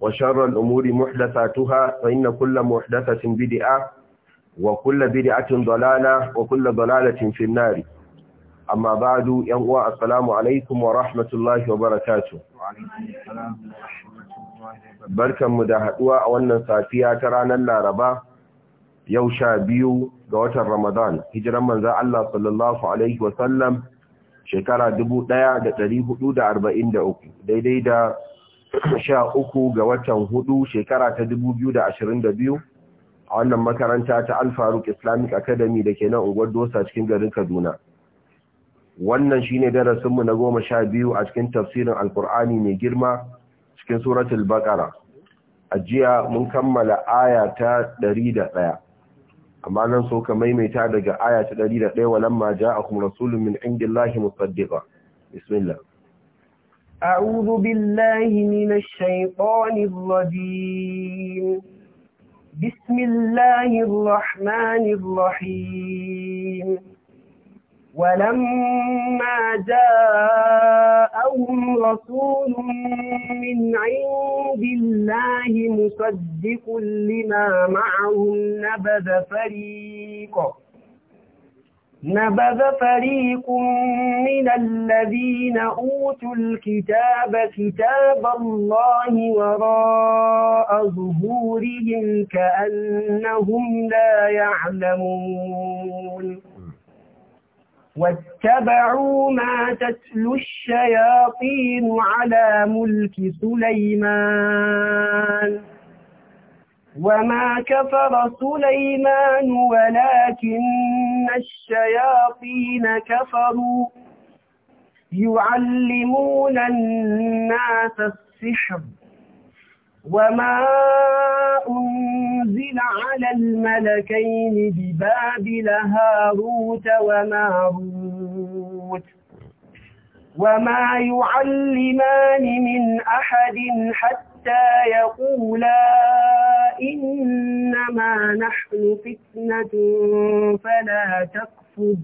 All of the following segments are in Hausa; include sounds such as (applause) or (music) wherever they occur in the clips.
وشر الأمور محدثاتها فإن كل محدثة بدعة وكل بدعة ضلالة وكل ضلالة في النار أما بعد ينقوى السلام عليكم ورحمة الله وبركاته barkan mu da haduwa a wannan safiya ta ranar Laraba yau sha biyu ga watan Ramadan hijiran manzon Allah sallallahu hudu da arba'in da 1443 daidai da sha uku ga watan hudu shekara ta dubu da biyu a wannan makaranta ta alfaruk islamic academy da ke nan unguwar dosa cikin garin kaduna wannan shine darasinmu na goma sha biyu a cikin tafsirin alkur'ani mai girma cikin suratul baqara a jiya mun kammala aya ta ɗaya. amma nan so ka maimaita daga aya ta 101 walamma ja'akum rasulun min indillahi musaddiqan bismillah أعوذ بالله من الشيطان الرجيم بسم الله الرحمن الرحيم ولما جاءهم رسول من عند الله مصدق لما معهم نبذ فريقا نبذ فريق من الذين أوتوا الكتاب كتاب الله وراء ظهورهم كأنهم لا يعلمون واتبعوا ما تتلو الشياطين على ملك سليمان وما كفر سليمان ولكن الشياطين كفروا يعلمون الناس السحر وما أنزل على الملكين ببابل هاروت وماروت وما يعلمان من أحد حتى حتى يقولا إنما نحن فتنة فلا تكفر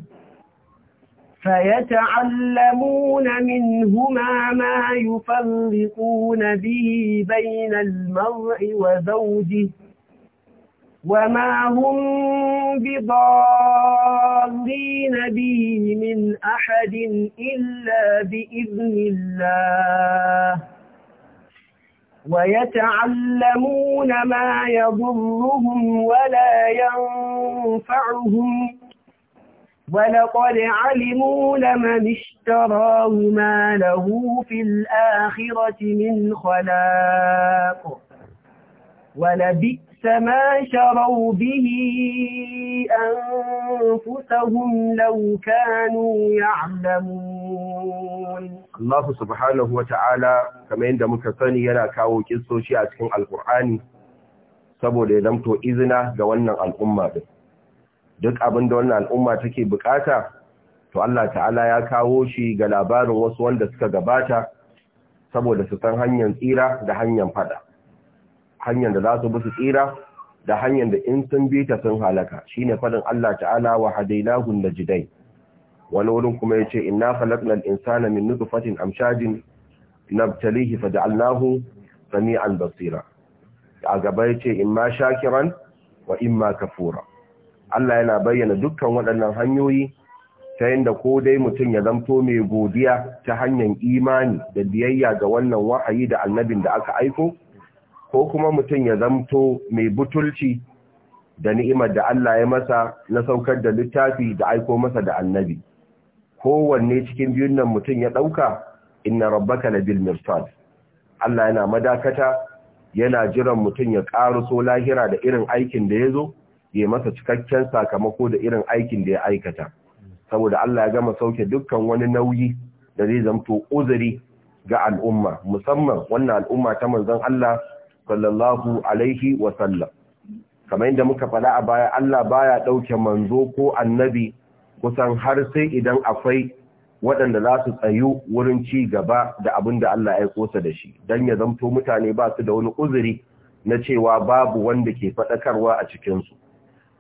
فيتعلمون منهما ما يفرقون به بين المرء وزوجه وما هم بضارين به من أحد إلا بإذن الله ويتعلمون ما يضرهم ولا ينفعهم ولقد علموا لمن اشتراه ما له في الآخرة من خلاق ولبئس ما شروا به أنفسهم لو كانوا يعلمون الله سبحانه وتعالى كما عندما كثني ينا كاو كسوشي أتكين القرآن saboda ya zamto izina ga wannan al'umma duk abin da wannan al'umma take bukata to Allah ta'ala ya kawo shi ga labarin wasu wanda suka gabata saboda su san hanyar tsira da hanyar fada hanyar da za su bi su tsira da hanyar da in sun bi ta sun halaka shine fadin Allah ta'ala wa hadainahu najdai wani wurin kuma yace inna khalaqnal insana min nutfatin amshajin nabtalihi faj'alnahu sami'an basira a gaba yace imma shakiran wa imma kafura Allah yana bayyana dukkan waɗannan hanyoyi ta yadda ko dai mutum ya zamto mai godiya ta hanyar imani da biyayya ga wannan wahayi da annabin da aka aiko ko kuma mutum ya zamto mai butulci da ni'imar da Allah ya masa na saukar da littafi da aiko masa da annabi kowanne cikin biyun nan mutum ya ɗauka inna rabbaka labil mirsad Allah yana madakata yana jiran mutum ya so lahira da irin aikin da ya zo ya masa cikakken sakamako da irin aikin da ya aikata saboda Allah ya gama sauke dukkan wani nauyi da zai zamto uzuri ga al'umma musamman wannan al'umma ta manzon Allah sallallahu alaihi wa sallam kamar yadda muka faɗa a baya Allah baya ɗauke manzo ko annabi kusan har sai idan akwai waɗanda za su tsayu wurin ci gaba da abin da Allah ya kosa da shi don ya zamto mutane ba su da wani uzuri na cewa babu wanda ke faɗakarwa a cikinsu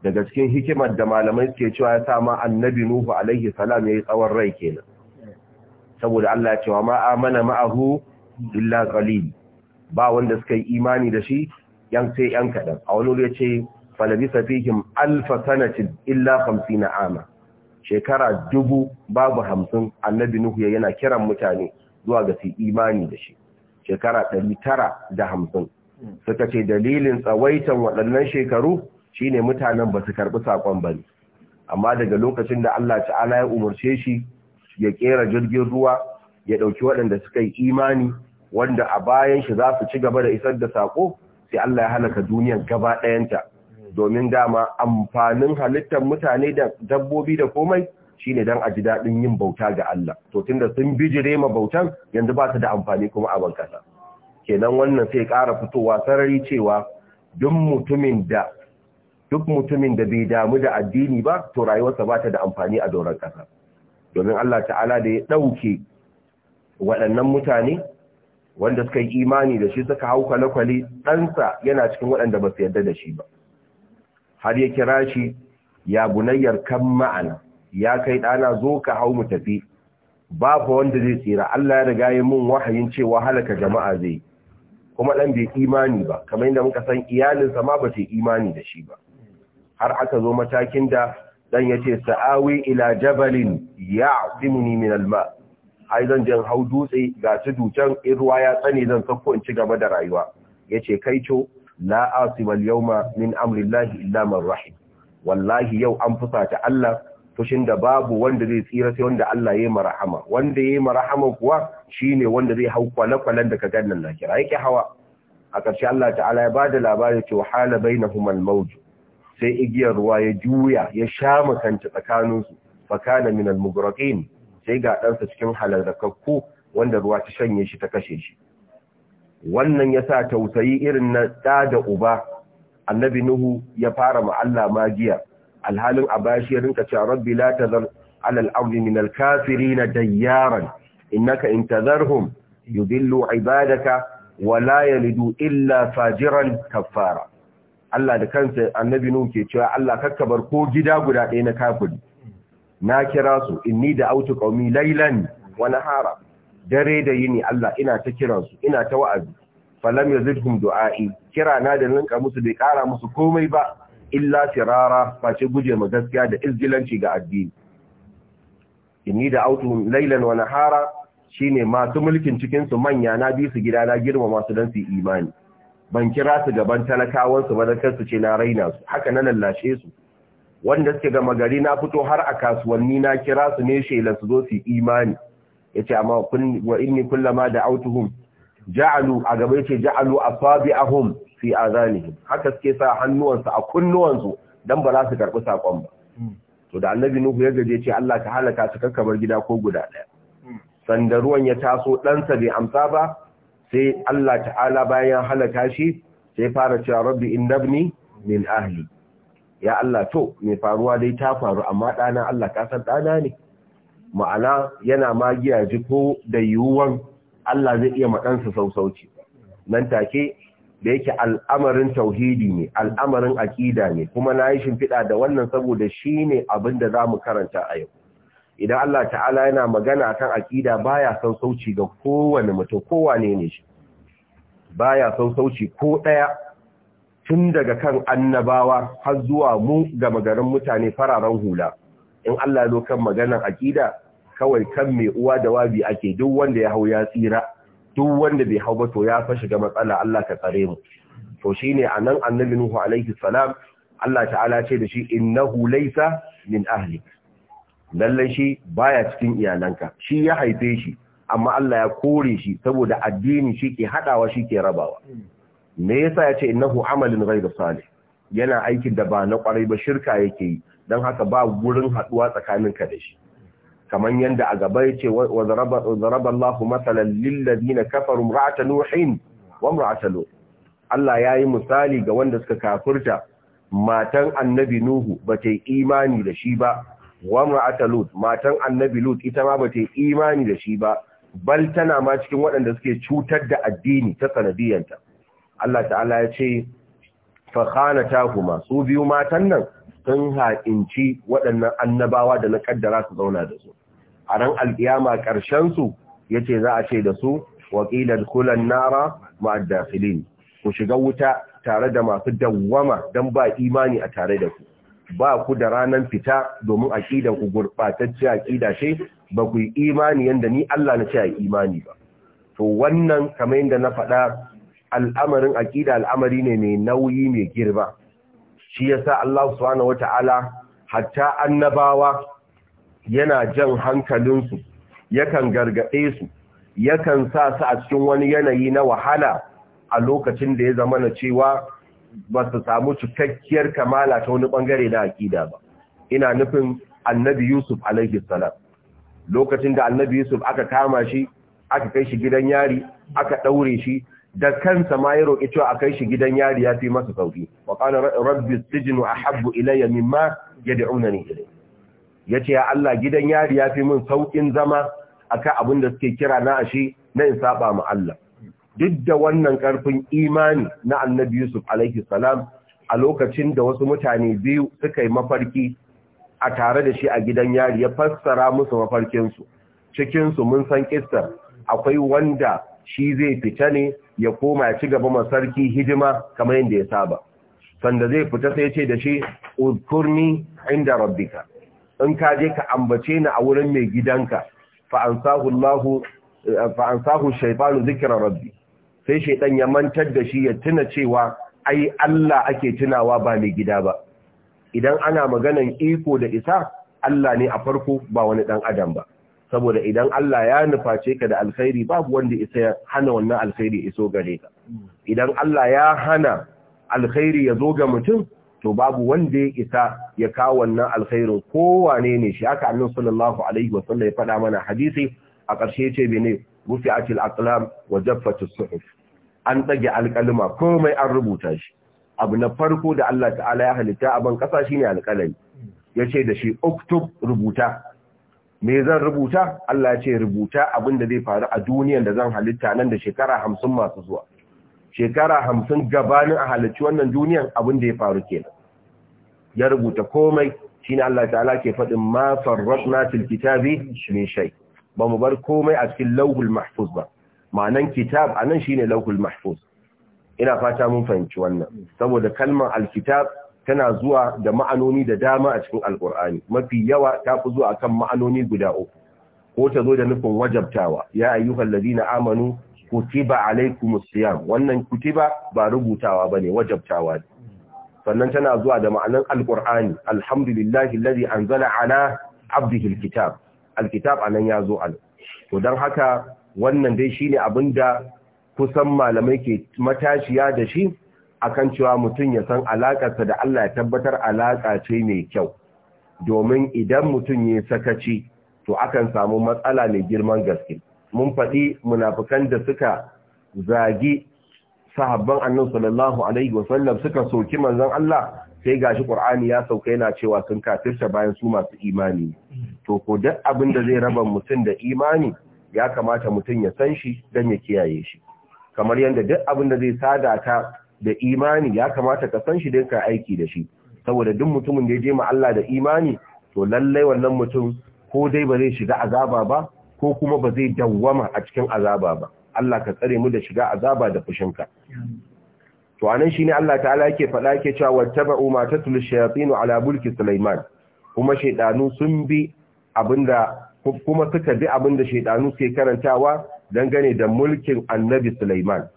daga cikin hikimar da malamai suke cewa ya ma annabi nuhu alaihi salam ya yi tsawon rai kenan saboda Allah ya cewa ma amana ma'ahu illa qalil ba wanda suka yi imani da shi yan sai yan kaɗan a wani ya ce falabi safihim alfa sanatin illa hamsin na ama shekara dubu babu hamsin annabi nuhu ya yana kiran mutane zuwa ga su imani da shi shekara ɗari tara da hamsin suka ce dalilin tsawaitan waɗannan shekaru shine mutanen ba su karɓi saƙon ba ne amma daga lokacin da Allah ta'ala ya umarce shi ya ƙera jirgin ruwa ya ɗauki waɗanda suka yi imani wanda a bayan shi za su ci gaba da isar da sako sai Allah ya halaka duniyar gaba ɗayanta domin dama amfanin halittar mutane da dabbobi da komai shine don a ji daɗin yin bauta ga Allah to tunda sun bijire ma bautan yanzu ba su da amfani kuma a bankasa kenan wannan sai ƙara fitowa sarari cewa duk mutumin da duk mutumin da bai damu da addini ba to rayuwarsa ba ta da amfani a doron ƙasa domin Allah ta'ala da ya ɗauke waɗannan mutane wanda suka yi imani da shi suka hau kwale-kwale ɗansa yana cikin waɗanda ba su yarda da shi ba har ya kira shi ya bunayyar kan ma'ana ya kai ɗana zo ka hau mu tafi ba fa wanda zai tsira Allah ya riga mun wahayin cewa halaka jama'a zai kuma ɗan bai imani ba kamar yadda muka san iyalinsa ma ba yi imani da shi ba har aka zo matakin da ɗan ya ce sa'awi ila jabalin ya min min alma ai zan jan hau dutse ga tudu can in ruwa ya tsane zan sauko in ci gaba da rayuwa yace kai co la asimal yauma min amrillahi illa man rahim wallahi yau an fusata Allah fushin da babu wanda zai tsira sai wanda Allah yayi marahama wanda yayi marhama kuwa shine wanda zai hau kwale-kwalen da ka gannan na kira yake hawa a ƙarshe Allah ta'ala ya bada labarin cewa hala na human mawj sai igiyar ruwa ya juya ya sha makanta tsakaninsu fakana min al ne." sai ga ɗansa cikin halarrakakku wanda ruwa ta shanye shi ta kashe shi wannan ya sa tausayi irin na ɗa da uba annabi nuhu ya fara ma'alla magiya alhalin a bashi ya rinka cewa rabbi la tazar alal ardi min al na dayyaran innaka in tazarhum yudillu ibadaka wa la yalidu illa fajiran kafara Allah da kansa annabi nuhu ke cewa Allah kakkabar ko gida guda ɗaya na kafiri na kira su inni da autu kaumi lailan wa nahara dare da yini Allah ina ta kiransu, su ina ta wa'azi falam yazidhum du'a'i kira na da ninka musu bai kara musu komai ba illa firara face guje ma gaskiya da izgilanci ga addini inni da autu lailan wa nahara shine masu mulkin cikinsu manya na bi su gida na girma masu dan su imani ban kira su gaban talakawansu ba dan kansu ce na raina su haka na lallashe su wanda suke gama gari na fito har a kasuwanni na kira su ne shelan su zo su imani Ya ce amma wa inni kullama da autuhun ja'alu a gaba ce ja'alu a a fabi asabi'ahum fi azanihim haka suke sa hannuwansu a kunnuwansu don ba za su karbi saƙon ba to da annabi nuhu ya gaje ce Allah ka halaka su kakkabar gida ko guda ɗaya. sanda ruwan ya taso ɗansa bai amsa ba sai Allah ta'ala bayan halaka shi sai fara cewa rabbi innabni min ahli ya Allah to mai faruwa dai ta faru amma ɗana Allah kasar ɗana ne ma'ana yana magiya ji ko da yiwuwan Allah zai iya maɗansa sausauci nan take da yake al'amarin tauhidi ne al'amarin aƙida ne kuma na yi shimfiɗa da wannan saboda shi ne abin da za mu karanta a yau idan Allah ta'ala yana magana kan aƙida baya sausauci ga kowane mutum kowane ne shi baya sausauci ko ɗaya tun daga kan annabawa har zuwa mu ga magarin mutane fararen hula in Allah lokan kan maganar aƙida, kawai kan mai uwa da wabi ake duk wanda ya hau ya tsira duk wanda bai hau ba to ya fashe ga matsala Allah ka tsare mu to shine anan annabi nuhu alaihi salam Allah ta'ala ce da shi innahu hulaisa min ahli lallai shi baya cikin iyalanka shi ya haife shi amma Allah ya kore shi saboda addini shi ke haɗawa, shi ke rabawa me yasa ya ce innahu amalin ghairu salih yana aikin da ba na kwarai ba shirka yake yi don haka ba gurin haduwa tsakaninka da shi kamar yanda a gaba yace wa zaraba Allahu matalan lil ladina kafaru ra'at nuhin wa ra'at lut Allah yayi misali ga wanda suka kafirta matan annabi nuhu bata imani da shi ba wa ra'at lut matan annabi lut ita ma bata yi imani da shi ba bal tana ma cikin waɗanda suke cutar da addini ta sanadiyanta Allah ta'ala ya ce fa kuma su biyu matan nan sun haƙinci waɗannan annabawa da na ƙaddara su zauna da su a ran alkiyama ƙarshen su yace za a ce da su Wakilar kulan nara ma'addakhilin ku shiga wuta tare da masu dawwama dan ba imani a tare da ku ba ku da ranan fita domin aƙida ku gurbatacce aqida ce ba ku yi imani yanda ni Allah na ce ai imani ba to wannan kamar yanda na faɗa al'amarin aƙida al'amari ne mai nauyi mai girba. shi yasa Allah subhanahu wata'ala hatta annabawa yana jan hankalinsu yakan gargaɗe su yakan sa su a cikin wani yanayi na wahala a lokacin da ya zama na cewa ba su samu cikakkiyar kamala ta wani ɓangare na aƙida ba ina nufin annabi yusuf alaihi salam lokacin da annabi yusuf aka kama shi aka kai shi gidan yari aka ɗaure shi da kansa ma ya roƙi cewa a kai shi gidan yari ya fi masa sauki wa qala rabbi sijnu ahabbu ilayya mimma yad'unani ilayhi yace ya Allah gidan yari ya fi min saukin zama akan abin da suke kira na ashi na in saba ma Allah duk da wannan karfin imani na Annabi Yusuf alaihi salam a lokacin da wasu mutane biyu suka yi mafarki a tare da shi a gidan yari ya fassara musu mafarkin su cikin su mun san kissa akwai wanda shi zai fita ne ya koma ya ci gaba ma sarki hidima kamar yadda ya saba sanda zai fita sai ce da shi uzkurni inda rabbika in ka je ka ambace ni a wurin mai gidanka fa ansahu Allahu fa ansahu shaytanu rabbi sai shaytan ya mantar da shi ya tuna cewa ai Allah ake tunawa ba mai gida ba idan ana maganan iko da isa Allah ne a farko ba wani dan adam ba saboda idan Allah ya nuface ka da alkhairi babu wanda isa ya hana wannan alkhairi iso gare ka idan Allah ya hana alkhairi ya zo ga mutum to babu wanda ya isa ya kawo wannan alkhairin kowane ne shi haka annabi sallallahu alaihi wasallam ya faɗa mana hadisi a ƙarshe ce bene rufi'atil aqlam wa jaffatus suhuf an tsage alƙalma komai an rubuta shi abu na farko da Allah ta'ala ya halitta a ban ƙasa shine alƙalami yace da shi uktub rubuta me zan rubuta Allah ya ce rubuta abin da zai faru a duniyan da zan halitta nan da shekara hamsin masu zuwa shekara hamsin gabanin a halicci wannan duniyan abin da ya faru kenan ya rubuta komai shi shine Allah ta'ala ke faɗin ma farratna fil kitabi min shai. ba mu bar komai a cikin lauhul mahfuz ba ma'anan kitab anan ne lauhul mahfuz ina fata mun fahimci wannan saboda kalmar alkitab tana zuwa da ma'anoni da dama a cikin alkur'ani mafi yawa ta fi zuwa akan ma'anoni guda uku ko ta zo da nufin wajabtawa ya ayyukan ladina amanu kutiba alaikumus siyam wannan kutiba ba rubutawa ba ne, wajabtawa ne sannan tana zuwa da ma'anan alkur'ani alhamdulillahi alladhi anzala ala abdihi alkitab alkitab anan ya zo al to don haka wannan dai shine da kusan malamai ke matashiya da shi akan cewa mutum ya san alakarsa da Allah ya tabbatar alaka ce mai kyau domin idan mutum ya sakaci to akan samu matsala mai girman gaske mun faɗi munafikan da suka zagi sahabban annabi sallallahu alaihi wasallam suka soki manzon Allah sai gashi Qur'ani ya sauka yana cewa sun kafirta bayan su masu imani to ko duk abin da zai raba mutum da imani ya kamata mutum ya san shi dan ya kiyaye shi kamar yanda duk abin da zai sada ta. da imani ya kamata ka san shi don ka aiki da shi saboda duk mutumin da ya je ma Allah da imani to lallai wannan mutum ko dai ba zai shiga azaba ba ko kuma ba zai dawwama a cikin azaba ba Allah ka tsare mu da shiga azaba da fushinka to anan shine Allah ta'ala yake faɗa yake cewa wattaba'u ma tatlu shayatin ala mulki Sulaiman kuma shaydanu sun bi abinda kuma suka bi abinda shaydanu suke karantawa dangane da mulkin Annabi Sulaiman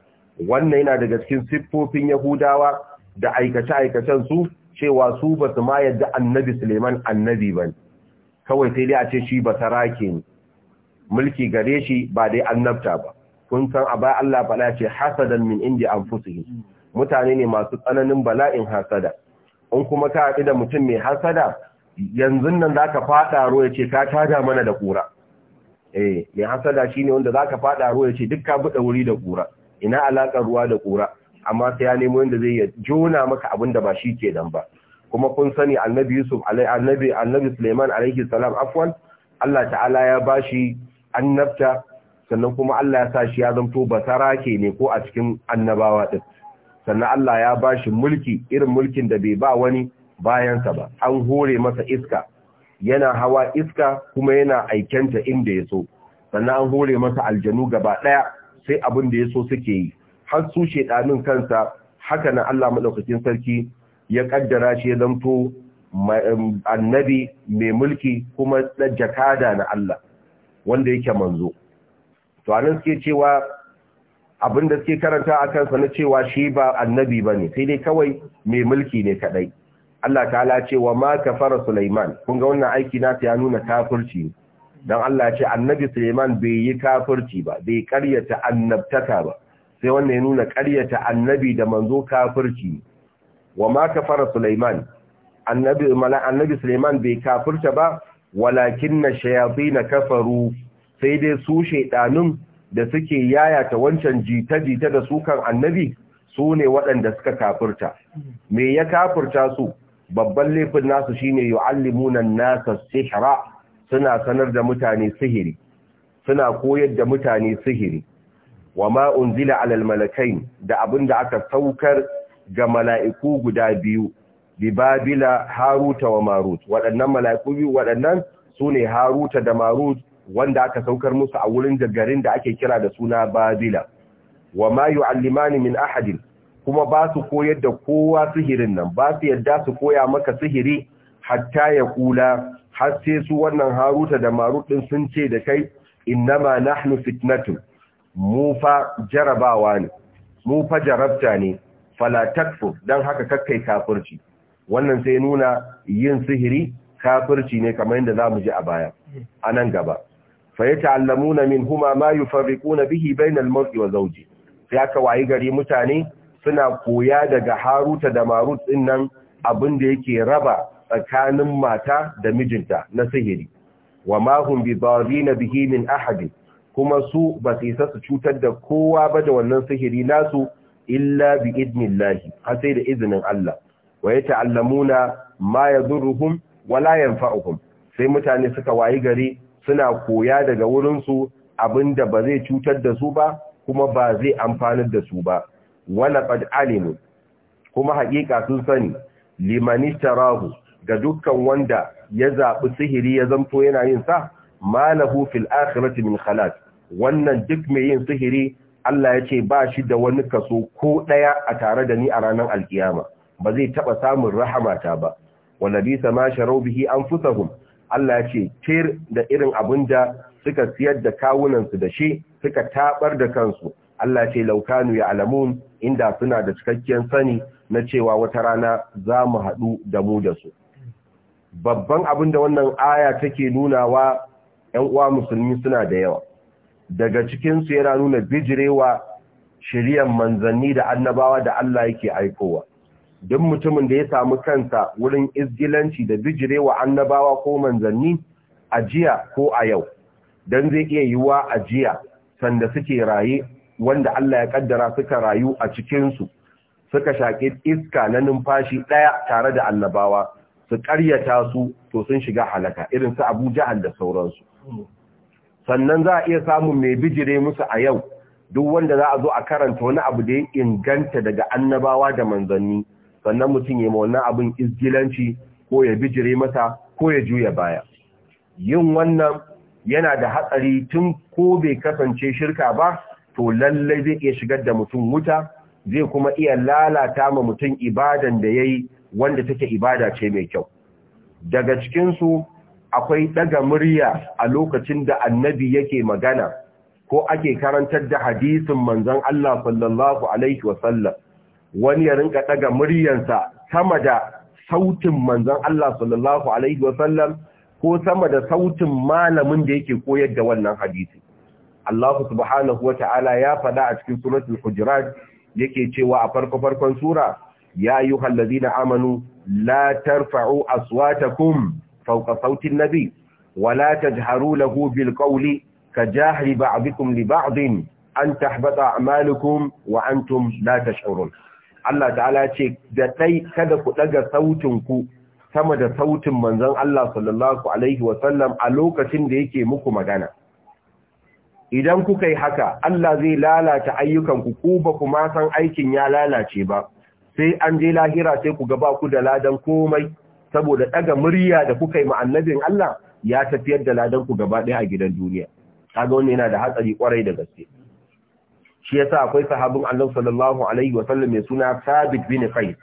wannan yana daga cikin siffofin yahudawa da aikace-aikacen su cewa su ba su ma yadda annabi suleiman annabi ba kawai sai dai a ce shi ba sarake ne mulki gare shi ba dai annabta ba kun san a baya Allah bala ce hasadan min indi anfusihim mutane ne masu tsananin bala'in hasada in kuma ka haɗu da mutum mai hasada yanzu nan za faɗa fada ruwa ce ka tada mana da ƙura. eh mai hasada shine wanda za zaka faɗa ruwa ce duk ka buɗe wuri da ƙura. ina alaƙar ruwa da ƙura amma sai ya nemo yadda zai jona maka abin da ba shi ke nan ba kuma kun sani annabi yusuf annabi annabi suleiman alaihi salam afwan Allah ta'ala ya bashi annabta sannan kuma Allah ya sa shi ya zanto basarake ne ko a cikin annabawa din sannan Allah ya bashi mulki irin mulkin da bai ba wani bayansa ba an hore masa iska yana hawa iska kuma yana aikenta inda ya so sannan an hore masa aljanu gaba ɗaya. sai abin da ya so suke yi har su shedanin kansa haka na Allah madaukakin sarki ya kaddara shi ya zanto um, annabi mai mulki kuma jakada na Allah wanda yake manzo to anan suke cewa abin da suke karanta a kansa na cewa shi ba annabi ba ne sai dai kawai mai mulki ne kadai Allah ta'ala ce wa ma kafara Sulaiman kun ga wannan aiki na ya nuna kafirci dan Allah ce annabi Suleiman bai yi kafirci ba bai karyata annabtaka ba sai wannan ya nuna karyata annabi da manzo kafirci wa ma kafara Suleiman annabi mala annabi Suleiman bai kafirta ba walakinna shayatin kafaru sai dai su shaidanun da suke yayata wancan jita-jita da sukan annabi su ne waɗanda suka kafirta me ya kafirta su babban laifin nasu shine yu'allimuna an-nasa sihra suna sanar da mutane sihiri suna koyar da mutane sihiri wa ma unzila alal malakain da abinda aka saukar ga mala'iku guda biyu bi babila haruta wa marut waɗannan mala'iku biyu waɗannan sune haruta da marut wanda aka saukar musu a wurin garin da ake kira da suna babila wa ma yu'allimani min ahadin kuma ba su koyar da kowa sihirin nan ba su yadda su koya maka sihiri hatta ya kula har sai su wannan haruta da marut din sun ce da kai innama nahnu fitnatu mu fa jarabawa ne mu fa jarabta ne fala takfur dan haka kakkai kafirci wannan sai nuna yin sihiri kafirci ne kamar yadda zamu ji a baya anan gaba fa yata'allamuna huma ma yufarriquna bihi bainal mar'i wa zawji sai aka wayi gari mutane suna koya daga Haruta da Marut din nan abin da yake raba tsakanin mata da mijinta na sihiri wa ma hum bi bihi min kuma su ba su isa su cutar da kowa ba da wannan sihiri nasu illa bi idnillahi har sai da izinin Allah wa ta'allamuna ma yadurruhum wa la yanfa'uhum sai mutane suka wayi gari suna koya daga wurin su abinda ba zai cutar da su ba kuma ba zai amfanar da su ba wala qad alimu kuma haƙiƙa sun sani limanistarahu ga dukkan wanda ya zaɓi sihiri ya zanto yana yin sa malahu fil akhirati min khalas wannan duk mai yin sihiri Allah ya ce ba shi da wani kaso ko ɗaya a tare da ni a ranar alkiyama ba zai taɓa samun rahamata ba wanda bisa ma sharau bihi an fusahum Allah ya ce tir da irin abin da suka siyar da kawunansu da shi suka taɓar da kansu Allah ce laukanu ya alamun inda suna da cikakken sani na cewa wata rana za mu haɗu da mu da su. babban abin da wannan aya take nuna wa ‘yan uwa musulmi suna da yawa daga cikinsu yana nuna bijirewa shiryan manzanni da annabawa da Allah yake aikowa duk mutumin da ya samu kansa wurin izgilanci da bijirewa annabawa ko manzanni a jiya ko a yau don zai iya yiwuwa a jiya sanda suke raye wanda Allah ya kaddara suka rayu a cikinsu suka shaƙi iska na numfashi ɗaya tare da annabawa su ƙaryata su to sun shiga halaka irin su abu jahal da sauransu sannan za a iya samun mai bijire musu a yau duk wanda za a zo a karanta wani abu da ya inganta daga annabawa da manzanni sannan mutum ya ma wannan abin izgilanci ko ya bijire masa ko ya juya baya yin wannan yana da hatsari tun ko bai kasance shirka ba to lallai zai iya shigar da mutum wuta zai kuma iya lalata ma mutum ibadan da ya yi wanda take ibada ce mai kyau daga cikinsu akwai daga murya a lokacin da annabi yake magana ko ake karantar da hadisin manzon Allah sallallahu alaihi wasallam wani ya rinka daga muryarsa sama da sautin manzon Allah sallallahu alaihi wasallam ko sama da sautin malamin da yake koyar da wannan hadisi Allah subhanahu wa ta'ala ya faɗa a cikin suratul hujurat yake cewa a farko farkon sura ya ayyuhal ladina amanu la tarfa'u aswatakum fawqa sawti an-nabi wa la tajharu lahu bil qawli kajahri ba'dikum li ba'din an tahbata a'malukum wa antum la Allah ta'ala ce da dai kada ku ɗaga sautin ku sama da sautin manzon Allah sallallahu alaihi wa sallam a lokacin da yake muku magana idan kuka yi haka Allah zai lalata ayyukanku ku ba ku san aikin ya lalace ba sai an je lahira sai ku gaba ku da ladan komai saboda daga murya da kuka yi ma annabin Allah ya tafiyar da ladan ku gaba ɗaya a gidan duniya kaga wannan yana da hatsari kwarai da gaske shi yasa akwai sahabin Allah sallallahu alaihi wa sallam mai suna Thabit bin Qais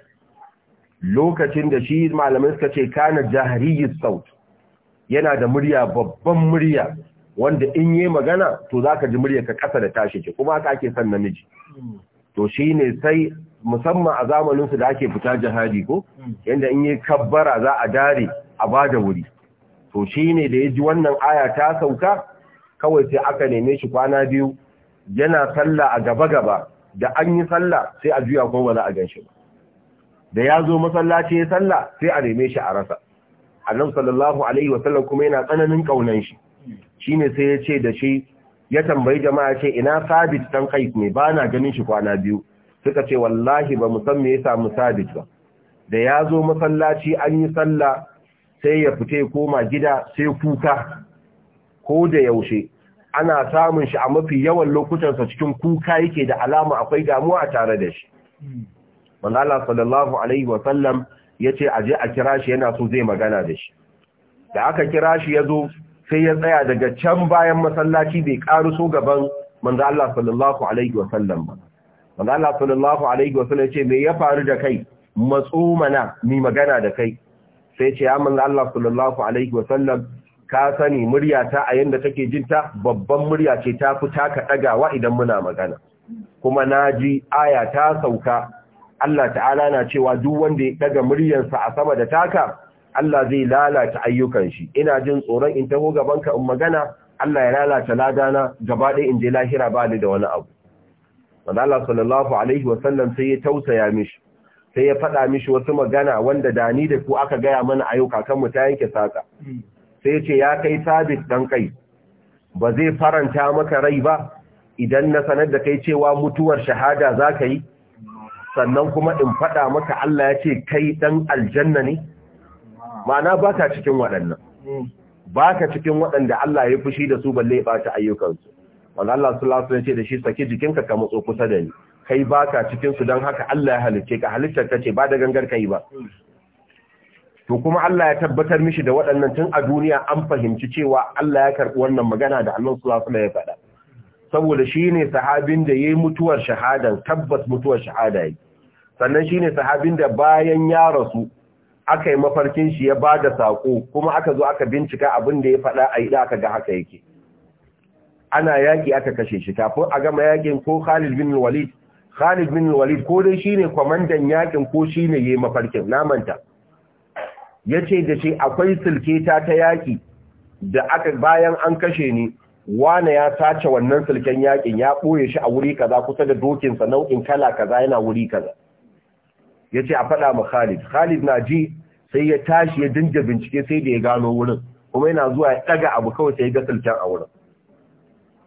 lokacin da shi malamai suka ce kana jahriyyi saut yana da murya babban murya wanda in yi magana to zaka ji murya ka kasa da tashi ce kuma haka ake son namiji to shine sai musamman a zamaninsu da ake fita jihadi ko yadda in yi kabbara za a dare a ba da wuri to shi ne da ya ji wannan aya ta sauka kawai sai aka neme shi kwana biyu yana sallah a gaba-gaba da an yi sallah sai a juya ko wani a gan shi da ya zo masallaci ya sallah sai a neme shi a rasa annabi sallallahu alaihi wasallam kuma yana tsananin kaunan shi ne sai ya ce da shi ya tambayi jama'a ce ina sabit dan kai ne ba na ganin shi kwana biyu suka ce wallahi ba san me ya samu sabit ba da ya zo masallaci an yi sallah sai ya fita koma gida sai kuka ko da yaushe ana samun shi a mafi yawan lokutansa cikin kuka yake da alama akwai damuwa a tare da shi manzo Allah sallallahu alaihi wa sallam yace aje a kira shi yana so zai magana da shi da aka kira shi ya zo sai ya tsaya daga can bayan masallaci bai so gaban manzo Allah sallallahu alaihi wa ba manzo Allah sallallahu alaihi wasallam ce me ya faru da kai matso mana ni magana da kai sai ce ya manzo Allah sallallahu alaihi wasallam ka sani muryata a yanda take jin ta babban murya ce ta fita ka dagawa idan muna magana kuma na ji aya ta sauka Allah ta'ala na cewa duk wanda ya daga muryarsa a sama da taka Allah zai lalata ayyukan shi ina jin tsoron in taho gaban ka in magana Allah ya lalata ladana gaba ɗaya in je lahira ba ni da wani abu Allah sallallahu alaihi wasallam sai ya tausaya mishi sai ya faɗa mishi wasu magana wanda da ni da ku aka gaya mana a yau mu ta yanke saka hmm. sai ya ce ya kai sabit dan kai ba zai faranta maka rai ba idan na sanar da kai cewa mutuwar shahada za ka yi sannan kuma in faɗa maka Allah ya ce kai ɗan aljanna ne ma'ana ba ka cikin waɗannan hmm. ba ka cikin waɗanda Allah ya fushi da su balle ba ta ayyukansu wanda Allah sallallahu alaihi ce da shi saki jikinka ka motso kusa da ni kai baka cikin su dan haka Allah ya halice ka halittar ka ce ba da gangar kai ba to kuma Allah ya tabbatar mishi da waɗannan tun a duniya an fahimci cewa Allah ya karɓi wannan magana da Allah sallallahu alaihi ya faɗa saboda shine sahabin da yayi mutuwar shahada tabbas mutuwar shahada yi sannan shine sahabin da bayan ya rasu aka yi mafarkin shi ya bada sako kuma aka zo aka bincika abin da ya faɗa a yi da aka ga haka yake ana yaƙi aka kashe shi kafin a gama yaƙin ko Khalid bin Walid Khalid bin Walid ko dai shine kwamandan yaƙin ko shine yayi mafarkin namanta yace da shi akwai silketa ta yaƙi da aka bayan an kashe ni wane ya sace wannan silken yaƙin ya boye shi a wuri kaza kusa da dokinsa nau'in kala kaza yana wuri kaza yace a faɗa ma Khalid Khalid na ji sai ya tashi ya dinga bincike sai da ya gano wurin kuma yana zuwa ya ɗaga abu kawai sai ya ga sulken a wurin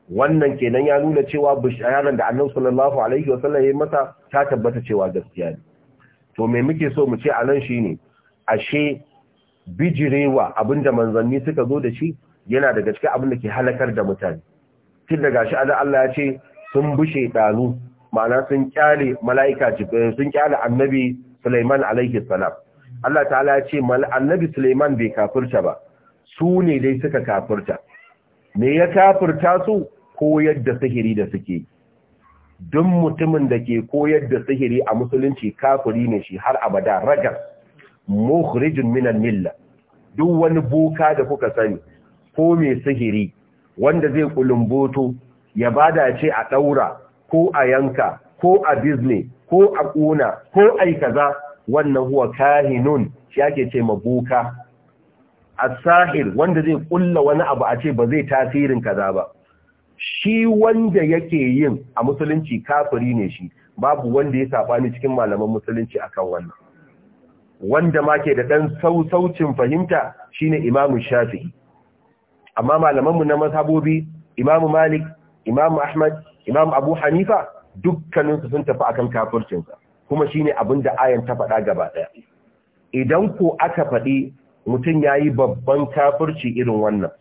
wannan kenan ya nuna cewa bisharar da annabi sallallahu alaihi wasallam ya masa ta tabbata cewa gaskiya ne to me muke so mu ce anan shine ashe bijirewa abinda manzanni suka zo da shi yana daga cikin abin da ke halakar da mutane tun da gashi ana Allah ya ce sun bushe dalu ma'ana sun kyale mala'ika sun kyale annabi Sulaiman alaihi salam Allah ta'ala ya ce annabi Sulaiman bai kafirta ba su ne dai suka kafirta me ya kafirta su koyar da sihiri da suke duk mutumin da ke koyar da sihiri a musulunci kafiri ne shi har abada ragar mukhrijun minan milla duk wani boka da kuka sani ko mai sihiri wanda zai kulumboto ya bada ce a daura ko a yanka ko a bizne ko a kuna ko ai kaza wannan huwa kahinun shi ake ce ma boka A sahir wanda zai kulla wani abu a ce ba zai tasirin kaza ba shi wanda yake yin a musulunci kafiri ne shi babu wanda ya sabani cikin malaman musulunci akan wannan wanda ma ke da dan sausaucin fahimta shine Imam Shafi'i amma malaman mu na mazhabobi Imam Malik Imam Ahmad Imam Abu Hanifa dukkaninsu sun tafi akan kafircinsa kuma shine abin da ayan ta faɗa gaba ɗaya idan ko aka faɗi mutum yayi babban kafirci irin wannan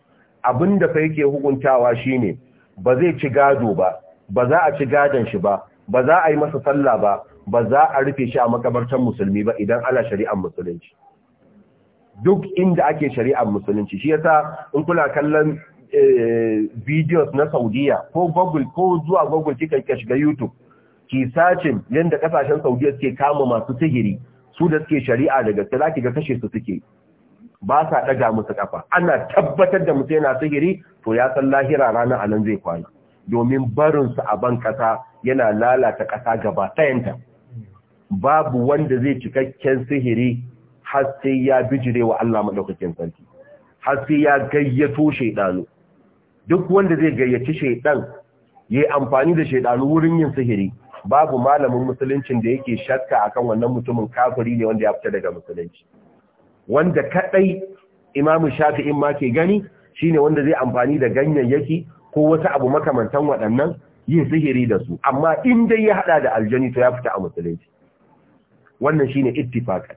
abin da fa yake hukuntawa shine ba zai ci gado ba ba za a ci gadon shi ba ba za a yi masa sallah ba ba za a rufe shi a makabartar musulmi ba idan ana shari'ar musulunci duk inda ake shari'ar musulunci shi yasa in kula kallon eh, videos na Saudiya ko Google ko zuwa Google kika shiga YouTube ki sacin yadda kasashen Saudiya suke kama masu sihiri su da suke shari'a daga gaske zaki ga kashe su suke ba sa ɗaga musu ƙafa ana tabbatar da mutum yana sihiri to ya san lahira ranar nan zai kwana domin barinsu a ban ƙasa yana lalata ƙasa gaba ɗayanta babu wanda zai cikakken sihiri har sai ya bijire wa Allah maɗaukakin sarki har sai ya gayyato shaidanu. duk wanda zai gayyaci shaiɗan ya yi amfani da shaiɗanu wurin yin sihiri babu malamin musuluncin da yake shakka akan wannan mutumin kafiri ne wanda ya fita daga musulunci wanda kadai imamu shafi'in ma ke gani shine wanda zai amfani da ganyayyaki ko wata abu makamantan waɗannan yin sihiri da su amma in dai ya hada da aljani to ya fita a musulunci wannan shine ittifaqan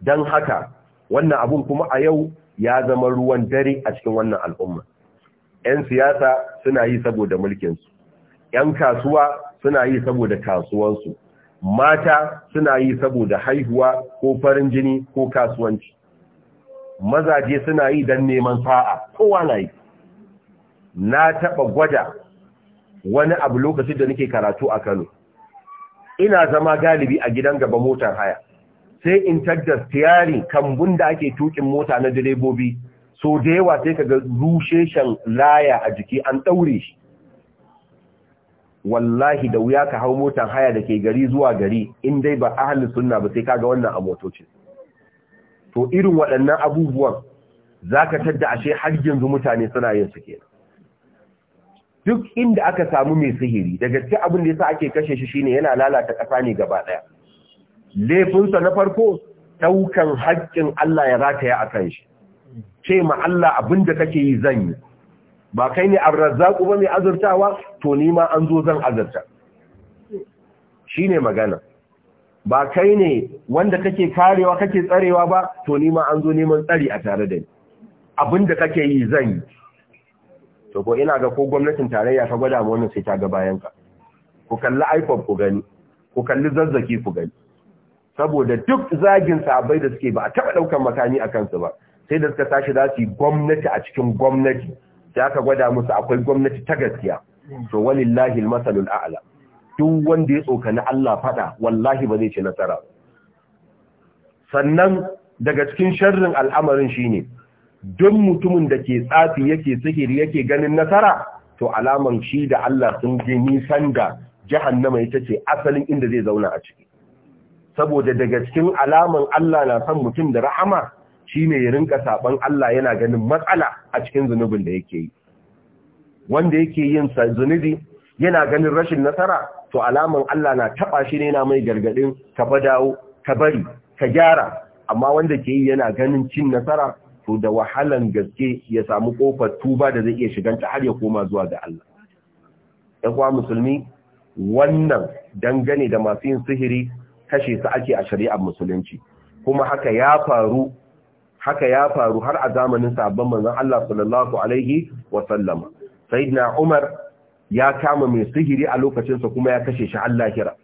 dan haka wannan abun kuma a yau ya zama ruwan dare a cikin wannan al'umma yan siyasa suna yi saboda mulkin su yan kasuwa suna yi saboda kasuwansu mata suna yi saboda haihuwa ko farin jini ko kasuwanci mazaje suna yi don neman sa'a kowa na yi na taɓa gwada wani abu lokacin da nake karatu a kano ina zama galibi a gidan gaba motar haya sai in tagda tiyari kambun da ake tukin mota na direbobi so da yawa sai kaga rushe shan laya a jiki an ɗaure shi wallahi da wuya ka hau motar haya da ke gari zuwa gari in dai ba ahalin sunna ba sai kaga wannan a motocin to irin waɗannan abubuwan za ka tadda ashe har yanzu mutane suna yin suke. duk inda aka samu mai sihiri daga gaske abin da ya sa ake kashe shi shine yana lalata ƙasa ne gaba ɗaya laifinsa na farko ɗaukan haƙƙin Allah ya rataya a kan shi ce ma Allah abin da kake yi zan yi ba kai ne arrazzaku ba mai azurtawa to ni ma an zo zan azarta shine magana ba kai ne wanda kake karewa kake tsarewa ba to ni ma an zo neman tsari a tare da ni abinda kake yi zan yi to ko ina ga ko gwamnatin tarayya ka gwada mu wannan sai ta ga bayan ka ku kalli iPhone ku gani ku kalli zazzaki ku gani saboda duk zagin sabai da suke ba a taba daukan makami a kansu ba sai da suka tashi za su yi gwamnati a cikin gwamnati sai aka gwada musu akwai gwamnati ta gaskiya to walillahi almasalul a'la duk wanda ya tsokani Allah fada wallahi ba zai ci nasara sannan daga cikin sharrin al'amarin shine duk mutumin da ke tsafi yake sihiri yake ganin nasara to alaman shi da Allah sun je nisan da jahannama ita ce asalin inda zai zauna a ciki saboda daga cikin alaman Allah na san mutum da rahama shine ya rinka saban Allah yana ganin matsala a cikin zunubin da yake yi wanda yake yin zunubi yana ganin rashin nasara to alaman Allah na taba shi ne yana mai gargadin ka badawo ka bari ka gyara amma wanda ke yi yana ganin cin nasara to da wahalan gaske ya samu kofar tuba da zai iya ta har ya koma zuwa ga Allah ɗan kuwa musulmi wannan dangane da masu yin sihiri kashe su ake a shari'ar musulunci kuma haka ya faru haka ya faru har a zamanin sabon manzon Allah sallallahu alaihi wa sallama sayyidina Umar ya kama mai sihiri a lokacinsa kuma ya kashe shi Allah kira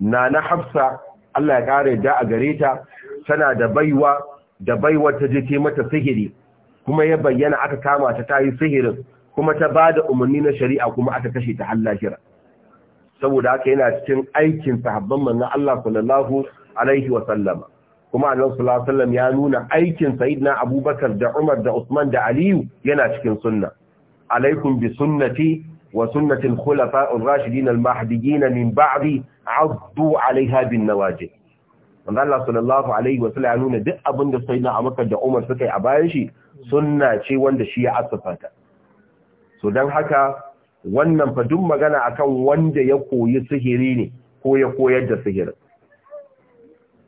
nana Hafsa Allah ya kare da a gare ta tana da baiwa da baiwar ta je ce mata sihiri kuma ya bayyana aka kama ta tayi sihiri kuma ta ba da umarni na shari'a kuma aka kashe ta Allah kira saboda haka yana cikin aikin sahabban manzon Allah sallallahu alaihi wa sallama kuma annabi sallallahu alaihi sallam ya nuna aikin sayyidina Abubakar da Umar da Usman da Aliyu yana cikin sunna alaikum bi sunnati wa الراشدين khulafa'ur من al عضوا عليها ba'di wanda Allah sallallahu alaihi wa sallam nuna duk abin da na Abubakar da Umar suka yi a bayan shi sunna ce wanda shi ya assafa ta so dan haka wannan fa duk magana akan wanda ya koyi sihiri ne ko ya koyar da sihiri?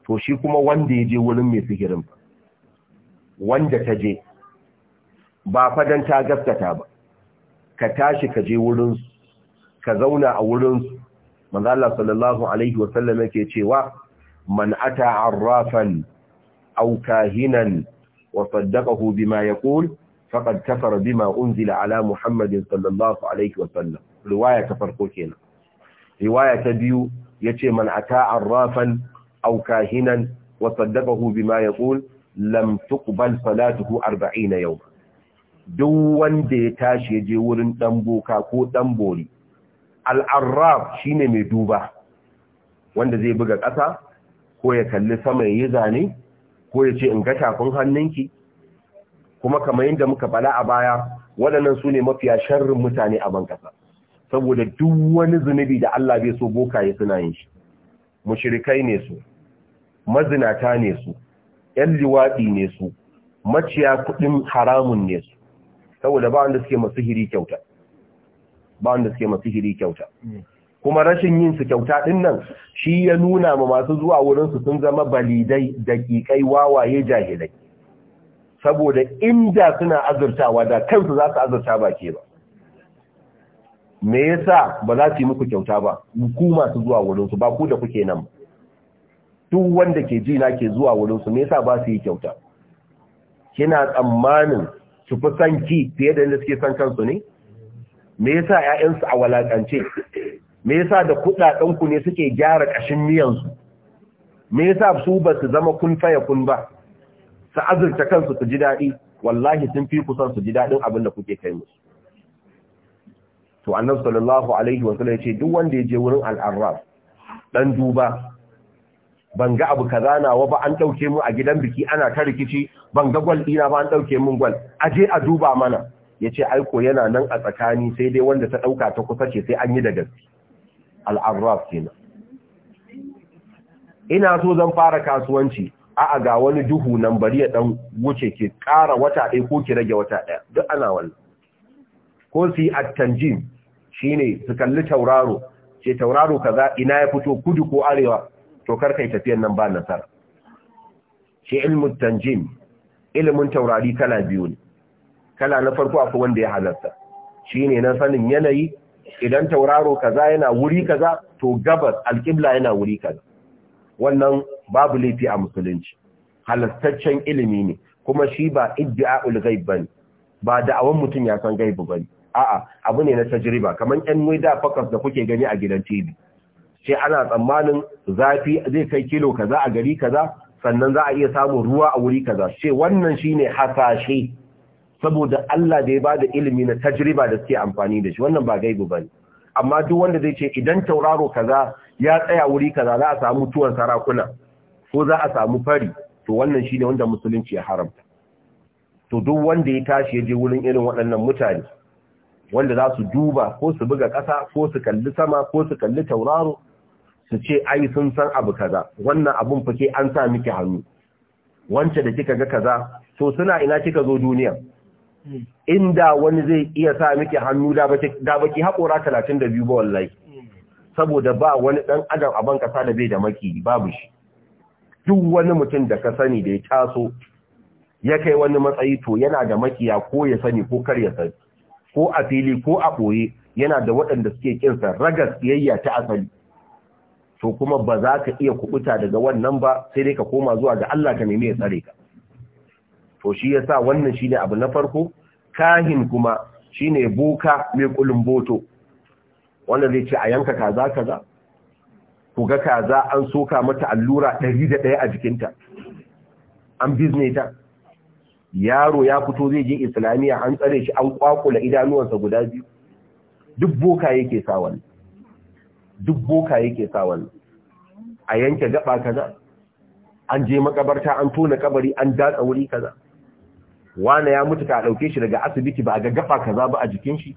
to shi kuma wanda ya je wurin mai sihirin wanda ta je ba fadan ta gaskata ba ka tashi ka je wurin ka zauna a wurin manzo Allah sallallahu alaihi wa sallam yake cewa man ata arrafan aw kahinan wa saddaqahu bima yaqul faqad kafara bima unzila ala muhammadin sallallahu alaihi wa sallam riwaya ta farko kenan riwaya ta biyu yace man ata arrafan aw kahinan wa saddaqahu bima yaqul lam tuqbal salatuhu 40 yawma duk wanda ya tashi ya je wurin dan boka ko dan bori al shine mai duba wanda zai buga ƙasa ko ya kalli sama ya yi zane ko ya ce in ga tafin hannunki kuma kamar yadda muka bala a baya waɗannan su ne mafiya sharrin mutane a bankasa saboda duk wani zunubi da Allah bai so ya suna yin shi mushrikai ne su mazinata ne su ƴan liwaɗi ne su maciya kuɗin haramun ne su saboda ba wanda suke masu hiri kyauta ba wanda suke masu hiri kyauta mm. kuma rashin yin su kyauta din nan shi ya nuna ma masu zuwa wurin su sun zama balidai dakikai wawaye jahilai saboda inda suna azurtawa da kansu za su azurta ba ke ba me yasa ba za su yi muku kyauta ba ku masu zuwa wurin su ba ku da kuke nan duk wanda ke ji na ke zuwa wurin su me yasa ba su yi kyauta kina tsammanin su fi san ki fiye da inda suke san kansu ne me yasa 'ya'yansu a walaƙance? me yasa da kuɗaɗenku ne suke gyara ƙashin miyansu? su me yasa su ba su zama kun faya kun ba su azurta kansu su ji daɗi? wallahi sun fi kusan su ji daɗin abin da kuke kai musu to annabi sallallahu alaihi wasu yace duk wanda ya je wurin al’arraf, ɗan duba ban ga abu kaza nawa ba an dauke mu a gidan biki ana ta rikici ban ga gwal dina ba an dauke mun gwal aje a duba mana yace aiko yana nan a tsakani sai dai wanda ta dauka ta kusa ce sai an yi da gaske al-arraf ina so zan fara kasuwanci a'a ga wani duhu nan bari ya dan wuce ki ƙara wata ɗaya ko ki rage wata ɗaya duk ana wannan ko su yi tanjim shine su kalli tauraro ce tauraro kaza ina ya fito kudu ko arewa to kar kai tafiyan nan ba nasara shi ilmu tanjim ilimin taurari kala biyu ne kala na farko akwai wanda ya halarta shine na sanin yanayi idan tauraro kaza yana wuri kaza to gabas alƙibla yana wuri kaza wannan babu laifi a musulunci halastaccen ilimi ne kuma shi ba iddi'a'ul ghaib bane ba da'awar mutum ya san gaibu bane a'a abu ne na tajriba kamar yan wai da fakas da kuke gani a gidan TV ce ana tsammanin zafi zai kai kilo kaza a gari kaza sannan za a iya samun ruwa a wuri kaza wannan shine hasashe saboda Allah da ya bada ilimi na tajriba da suke amfani da shi wannan ba gaibu bane amma duk wanda zai ce idan tauraro kaza ya tsaya wuri kaza za a samu tuwon sarakuna ko za a samu fari to wannan shine wanda musulunci ya haramta to duk wanda ya tashi ya je wurin irin waɗannan mutane wanda za su duba ko su buga ƙasa ko su kalli sama ko su kalli tauraro su ce ai sun san abu kaza wannan abun fake an sa miki hannu wance da kika ga kaza to suna ina kika zo duniya inda wani zai iya sa miki hannu da baki haƙora 32 ba wallahi saboda ba wani ɗan adam a ban ƙasa da bai da maki babu shi duk wani mutum da ka sani da ya taso ya kai wani matsayi to yana da makiya ko ya sani ko kar ya sani ko a fili ko a ɓoye yana da waɗanda suke kinsa ragas siyayya ta asali to kuma ba za ka iya kubuta daga wannan ba sai dai ka koma zuwa ga Allah ka nemi ya tsare ka to shi yasa wannan shine abu na farko kahin kuma shine boka mai kulun boto wanda zai ce a yanka kaza kaza ku ga kaza an soka mata allura 101 a jikinta an bizne ta yaro ya fito zai je islamiya an tsare shi an kwakula idanuwansa guda biyu duk boka yake sa wannan duk boka yake sa wannan a yanke gaba kaza an je makabarta an tona kabari an datsa wuri kaza Wani ya mutu ka dauke shi daga asibiti ba a ga gaba kaza ba a jikin shi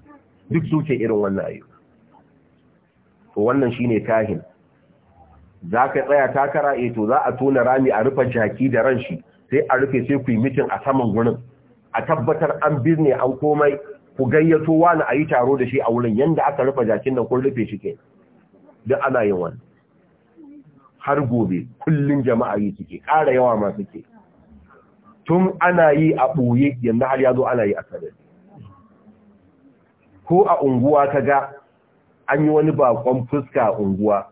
duk suke irin wannan ayyuka to wannan shine kahin zaka tsaya takara eh to za a tona rami a rufe jaki da ran shi sai a rufe sai ku yi mitin a saman gurin a tabbatar an birne an komai ku gayyato wani a yi taro da shi a wurin yanda aka rufe jakin nan kun rufe shi kenan da ana yi wani har gobe kullum jama'a yi suke ƙara yawa ma suke tun ana yi a ɓoye yanzu har ya zo ana yi a sarari ko a unguwa ka ga an yi wani bakon fuska a unguwa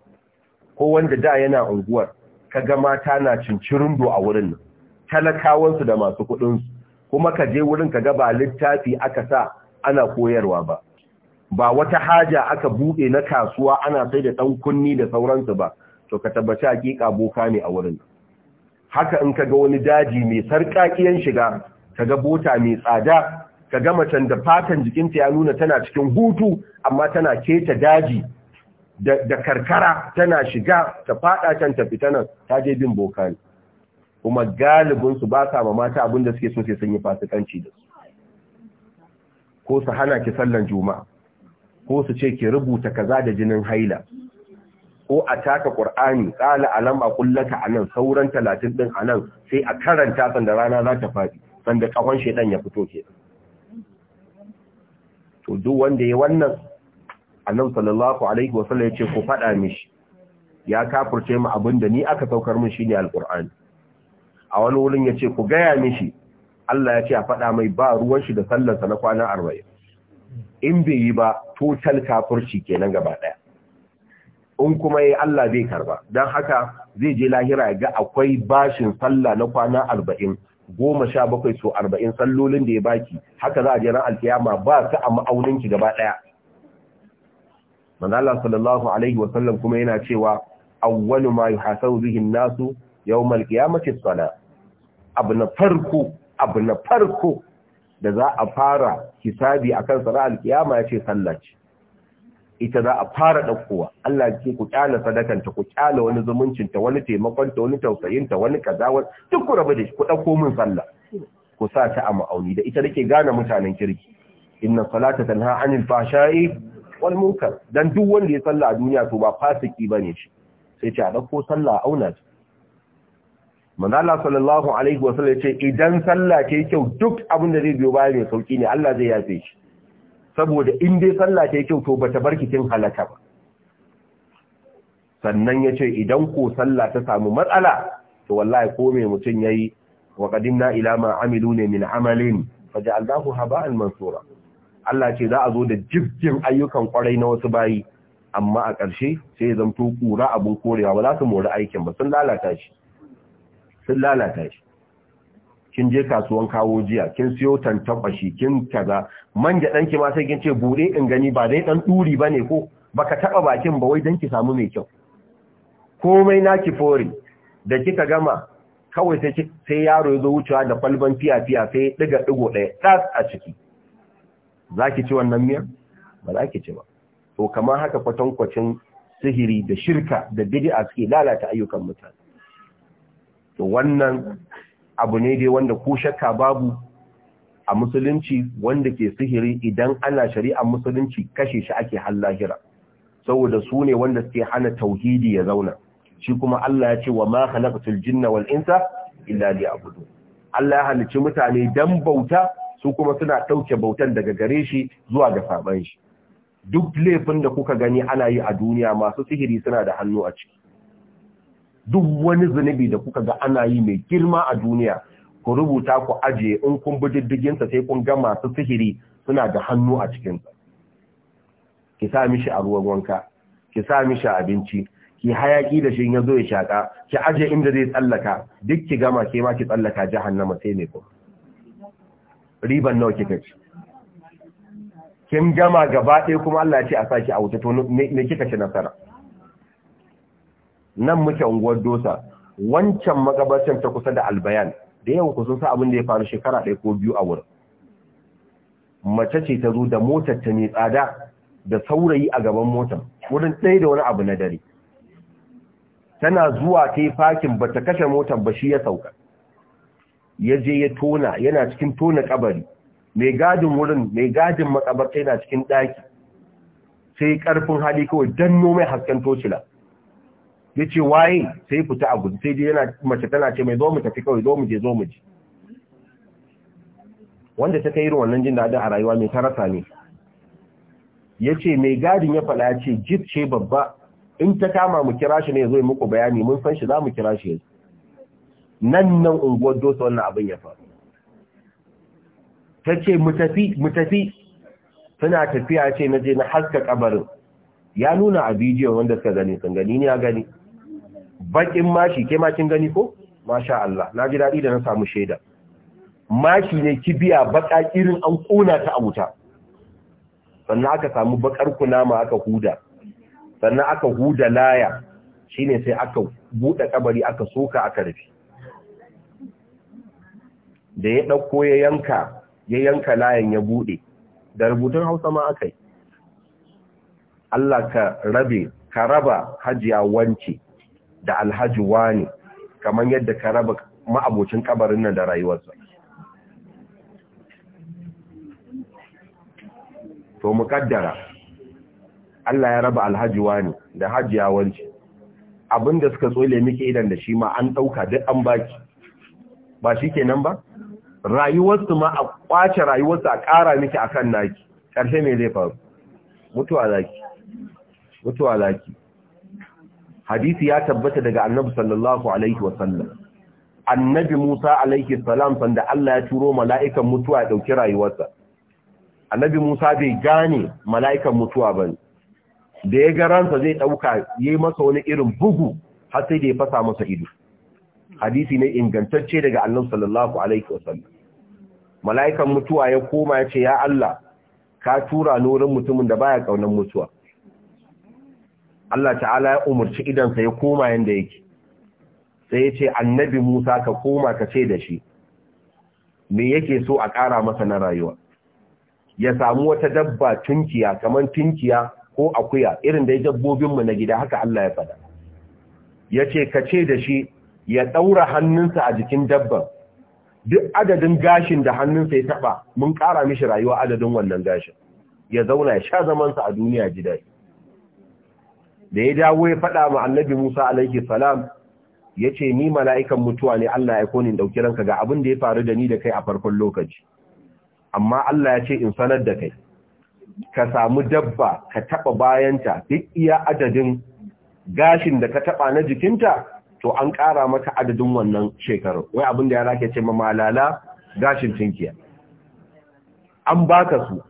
ko wanda da yana unguwar ka ga mata na cincirin do a wurin nan talakawansu da masu kuɗinsu kuma ka je wurin ka ga ba littafi aka sa ana koyarwa ba ba wata haja aka buɗe na kasuwa ana sai da ɗan kunni da sauransu ba to ka tabbaci hakika boka ne a wurin haka in ka ga wani daji mai sarƙaƙiyan shiga ka ga bota mai tsada ka ga macen da fatan jikinta ya nuna tana cikin hutu amma tana keta daji da karkara tana shiga ta faɗa can ta fita nan ta je bin boka ne kuma galibinsu ba sa ma mata abin da suke so sai sun yi fasikanci da su ko su hana ki sallan juma'a ko su ce ki rubuta kaza da jinin haila ko a taka ƙur'ani qala alam aqullaka kullaka a sauran talatin ɗin anan sai a karanta sanda rana za ta faɗi sanda kafan shedan ya fito ke to duk wanda ya wannan annabi sallallahu alaihi wasallam ya ce ku faɗa mishi ya kafurce mu abin da ni aka saukar min shine alqur'ani a wani wurin ya ce ku gaya mishi Allah ya ce a faɗa mai ba ruwan shi da sallarsa na kwana arba'in in bai yi ba total kafirci kenan gaba daya in kuma ya Allah zai karba don haka zai je lahira ga akwai bashin sallah na kwana arba'in goma sha bakwai so arba'in sallolin da ya baki haka za a je ran alkiyama ba su a ma'auninki gaba ɗaya Manala sallallahu alaihi wasallam kuma yana cewa awwalu ma yuhasabu bihi nasu yawmal qiyamati as-sala abu na farko abu na farko da za a fara hisabi a kan tsara alkiyama ya ce sallah ce ita za a fara ɗaukowa Allah ke ku ƙyala sadakanta ku ƙyala wani zumuncinta wani taimakonta wani tausayinta wani kazawar duk ku rabu da shi ku ɗauko min sallah ku sa ta a ma'auni da ita nake gane mutanen kirki inna salata tanha anil fahsha'i wal munkar dan duk wanda ya sallah a duniya to ba fasiki bane shi sai ce a ɗauko sallah a auna ta manzala sallallahu alaihi wa ya ce idan sallah ta yi kyau duk abin da zai biyo baya mai sauki ne Allah zai yafe shi saboda in dai sallah ta yi kyau to bata bar kin halaka ba sannan yace idan ko sallah ta samu matsala to wallahi ko me mutum yayi wa qadimna ila ma amilu ne min amalin faja'alnahu haba'an mansura Allah ce za a zo da jibjin ayyukan kwarai na wasu bayi amma a ƙarshe sai ya zamto kura abun korewa ba za su mori aikin ba sun lalata shi sun lalata shi kin je kasuwan kawo jiya kin siyo tantabashi kin kaza man gyaɗan ki ma sai kin ce buɗe in gani ba dai ɗan ɗuri bane, ne ko baka taɓa bakin ba wai danki ki samu mai kyau komai naki fori da kika gama kawai sai yaro ya zo wucewa da kwalban fiya-fiya sai ɗiga ɗigo ɗaya ɗas a ciki za ci wannan miyar ba za ci ba to kamar haka kwatankwacin sihiri da shirka da bid'a suke lalata ayyukan mutane to wannan abu ne dai wanda ko shakka babu a musulunci wanda ke sihiri idan ana shari'ar musulunci kashe shi ake halahira saboda su ne wanda suke hana tauhidi ya zauna shi kuma Allah ya ce wa ma khalaqatul jinna wal insa illa liya'budun Allah ya halicci mutane dan bauta su kuma suna ɗauke bautan daga gare shi zuwa ga saban shi duk laifin da kuka gani ana yi a duniya masu sihiri suna da hannu a ciki duk wani zunubi da kuka ga ana yi mai girma a duniya ku rubuta ku ajiye in kun bi diddigin sa sai kun ga masu sihiri suna da hannu a cikin sa ki sa mishi a ruwan wanka ki sa mishi abinci ki hayaki da shi ya zo ya shaka ki aje inda zai tsallaka duk ki gama ke ma ki tsallaka jahannama sai ne ku riban nawa kika ci kin gama gaba ɗaya kuma Allah ya ce a saki a wuta to ne kika ci nasara nan muke unguwar dosa wancan magabacin ta kusa da albayan da yawa ku sa abin da ya faru shekara ɗaya ko biyu a wurin mace ce ta zo da motar ta ne tsada da saurayi a gaban motar wurin ɗaya da wani abu na dare tana zuwa ta yi fakin ba ta kashe motar ba shi ya sauka ya je ya tona yana cikin tona kabari mai gadin wurin mai gadin makabarta yana cikin ɗaki sai ƙarfin hali kawai don nome hasken tocila ya ce waye sai fita a gudu sai dai yana mace tana ce mai zo mu tafi kawai zo mu je zo mu je wanda ta kai irin wannan jin daɗin a rayuwa mai ta rasa ne ya ce mai gadin ya fada ya ce jib ce babba in ta kama mu kira shi ne ya zo muku bayani mun san shi za mu kira shi yanzu nan nan unguwar dosa wannan abin ya faru ta ce mu tafi suna tafiya ce na je na haska kabarin ya nuna a bidiyon wanda suka gani sun gani ne ya gani bakin mashi ke makin gani ko masha Allah na ji daɗi da na samu shaida mashi ne kibiya baka irin an ta a wuta sannan aka samu bakar kunama aka huda sannan aka huda laya shine sai aka buɗe ƙabari aka soka aka rufi. da ya ɗauko ya yanka ya yanka layan ya buɗe da rubutun hausa ma aka yi Allah ka rabe ka raba hajiya wance da alhaji wani kamar yadda ka raba ma'abocin kabarin nan da rayuwarsa to kaddara Allah ya raba alhaji wani da hajiya wanci abinda suka tsole miki idan da shi ma an dauka duk an baki ba shikenan ba rayuwarsu ma a kwace rayuwarsu a ƙara miki akan naki karshe me zai faru mutuwa zaki mutuwa zaki hadisi ya tabbata daga annabi sallallahu alaihi wasallam annabi Musa alaihi salam sanda Allah ya turo mala'ikan mutuwa ya dauki rayuwarsa annabi Musa bai gane mala'ikan mutuwa bane da ya ga ransa zai dauka yayi masa wani irin bugu har sai da ya fasa masa ido hadisi ne ingantacce daga annabi sallallahu alaihi wasallam mala'ikan mutuwa ya koma ya ce ya Allah ka tura nurin mutumin da baya kaunan mutuwa Allah ta'ala ya umarci idansa ya koma yanda yake sai ya ce annabi Musa ka koma ka ce da shi me yake so a ƙara masa na rayuwa ya samu wata dabba tunkiya kamar tunkiya ko akuya irin da ya dabbobinmu na gida haka Allah ya faɗa ya ce ka ce da shi ya ɗaura hannunsa a jikin dabban duk adadin gashin da hannunsa ya taɓa mun ƙara mishi rayuwa adadin wannan gashin ya zauna ya sha zamansa a duniya ji daɗi da ya dawo ya faɗa ma annabi Musa alaihi salam ya ce ni mala'ikan mutuwa ne Allah ya koni ɗauki ranka ga abin da ya faru da ni da kai a farkon lokaci amma Allah ya ce in sanar da kai ka samu dabba ka taɓa bayanta duk iya adadin gashin da ka taɓa na jikinta to an ƙara maka adadin wannan shekaru wai abin da ya rake ce ma malala gashin tinkiya an baka su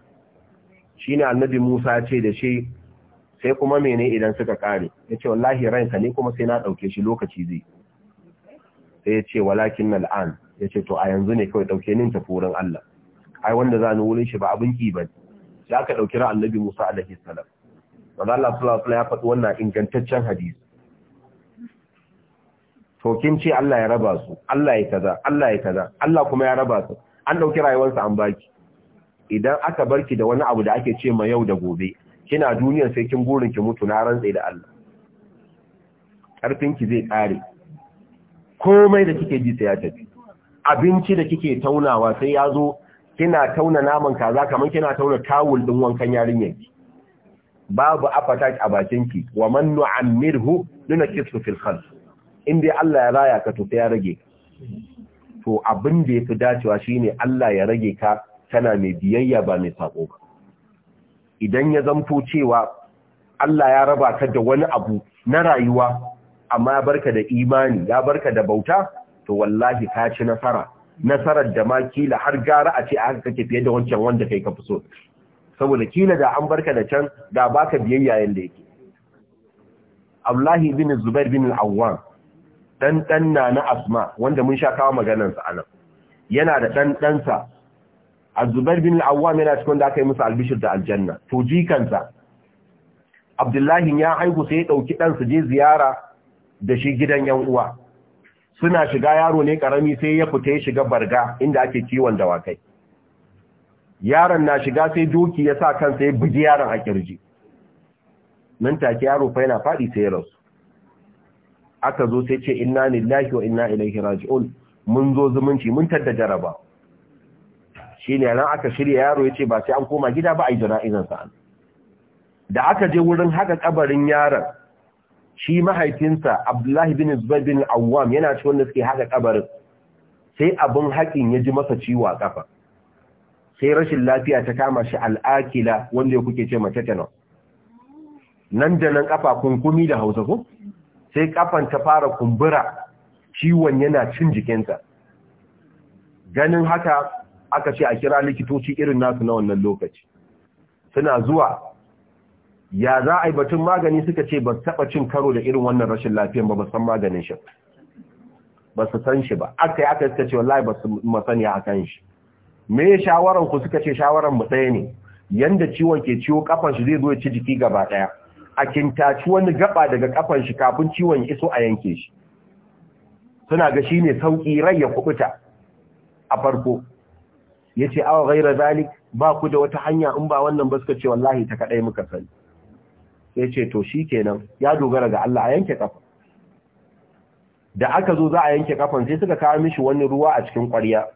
shine annabi Musa ya ce da shi sai kuma mene idan suka kare ya ce wallahi ranka ne kuma sai na ɗauke shi lokaci zai sai ya ce walakin la'an. ya ce to a yanzu ne kawai ɗauke nin tafi wurin Allah ai wanda za ni wurin shi ba abin ki ba sai aka ɗauki ran annabi Musa alaihi salam wanda Allah sallallahu alaihi ya faɗi wannan ingantaccen hadisi to kin ce Allah ya raba su Allah ya kaza Allah ya kaza Allah kuma ya raba su an ɗauki rayuwarsa an baki idan aka barki da wani abu da ake ce ma yau da gobe kina duniya sai kin gurin ki mutu na rantse da Allah karfinki zai kare komai da kike ji sai ya tafi abinci da kike taunawa sai ya zo kina tauna naman kaza kamar kina tauna tawul din wankan yarinyarki babu appetite a bakinki wa man nu'ammirhu nunakisu fil khalq indai Allah ya raya ka to sai ya rage to abin da yafi dacewa shine Allah ya rage ka kana mai biyayya ba mai sako ba idan ya zanto cewa Allah ya raba ka da wani abu na rayuwa amma ya barka da imani ya barka da bauta to wallahi ka ci nasara nasarar da ma kila har gara a ce a haka kake fiye da wancan wanda kai ka fi saboda kila da an barka da can da baka biyayya yanda yake Abdullahi bin Zubair bin Al-Awwam dan dan na na Asma wanda mun sha kawo maganar sa anan yana da dan dan sa azubair bin al'awwam yana cikin da aka yi musu albishir da aljanna to jikansa abdullahi ya haihu sai ya ɗauki ɗansa je ziyara da shi gidan yan uwa suna shiga yaro ne karami sai ya fita ya shiga barga inda ake kiwon dawakai yaron na shiga sai doki ya sa kansa ya bugi yaron a kirji nan take yaro fa yana faɗi sai ya rasu aka zo sai ce inna lillahi wa inna ilaihi raji'un mun zo zumunci mun tadda jaraba shine nan aka shirya yaro ya ce ba sai an koma gida ba ai jana'izar sa da aka je wurin haka kabarin yaron shi mahaifinsa Abdullahi bin Zubair bin Awwam yana ci wanda suke haka kabarin sai abin haƙin ya ji masa ciwo a kafa sai rashin lafiya ta kama shi al'akila wanda ya kuke ce mace kenan nan da nan kafa kunkumi da hausa ko sai kafan ta fara kumbura ciwon yana cin jikinsa ganin haka aka ce a kira likitoci irin nasu na wannan lokaci suna zuwa ya za a yi batun magani suka ce ba taɓa cin karo da irin wannan rashin lafiyan ba ba san maganin shi ba su san shi ba aka yi aka suka ce wallahi ba su masaniya a kan shi me shawaran ku suka ce shawaran mu ɗaya ne yanda ciwon ke ciwo kafan shi zai zo ya ci jiki gaba ɗaya a kintaci wani gaba daga kafan shi kafin ciwon iso a yanke shi suna ga ne sauki rai ya kubuta a farko Ya ce awa gaira zalik ba ku da wata hanya in ba wannan ba suka ce wallahi ta kadai muka sani Ya ce to shi kenan. ya dogara ga Allah a yanke kafa da aka zo za a yanke kafan sai suka kawo mishi wani ruwa a cikin ƙwarya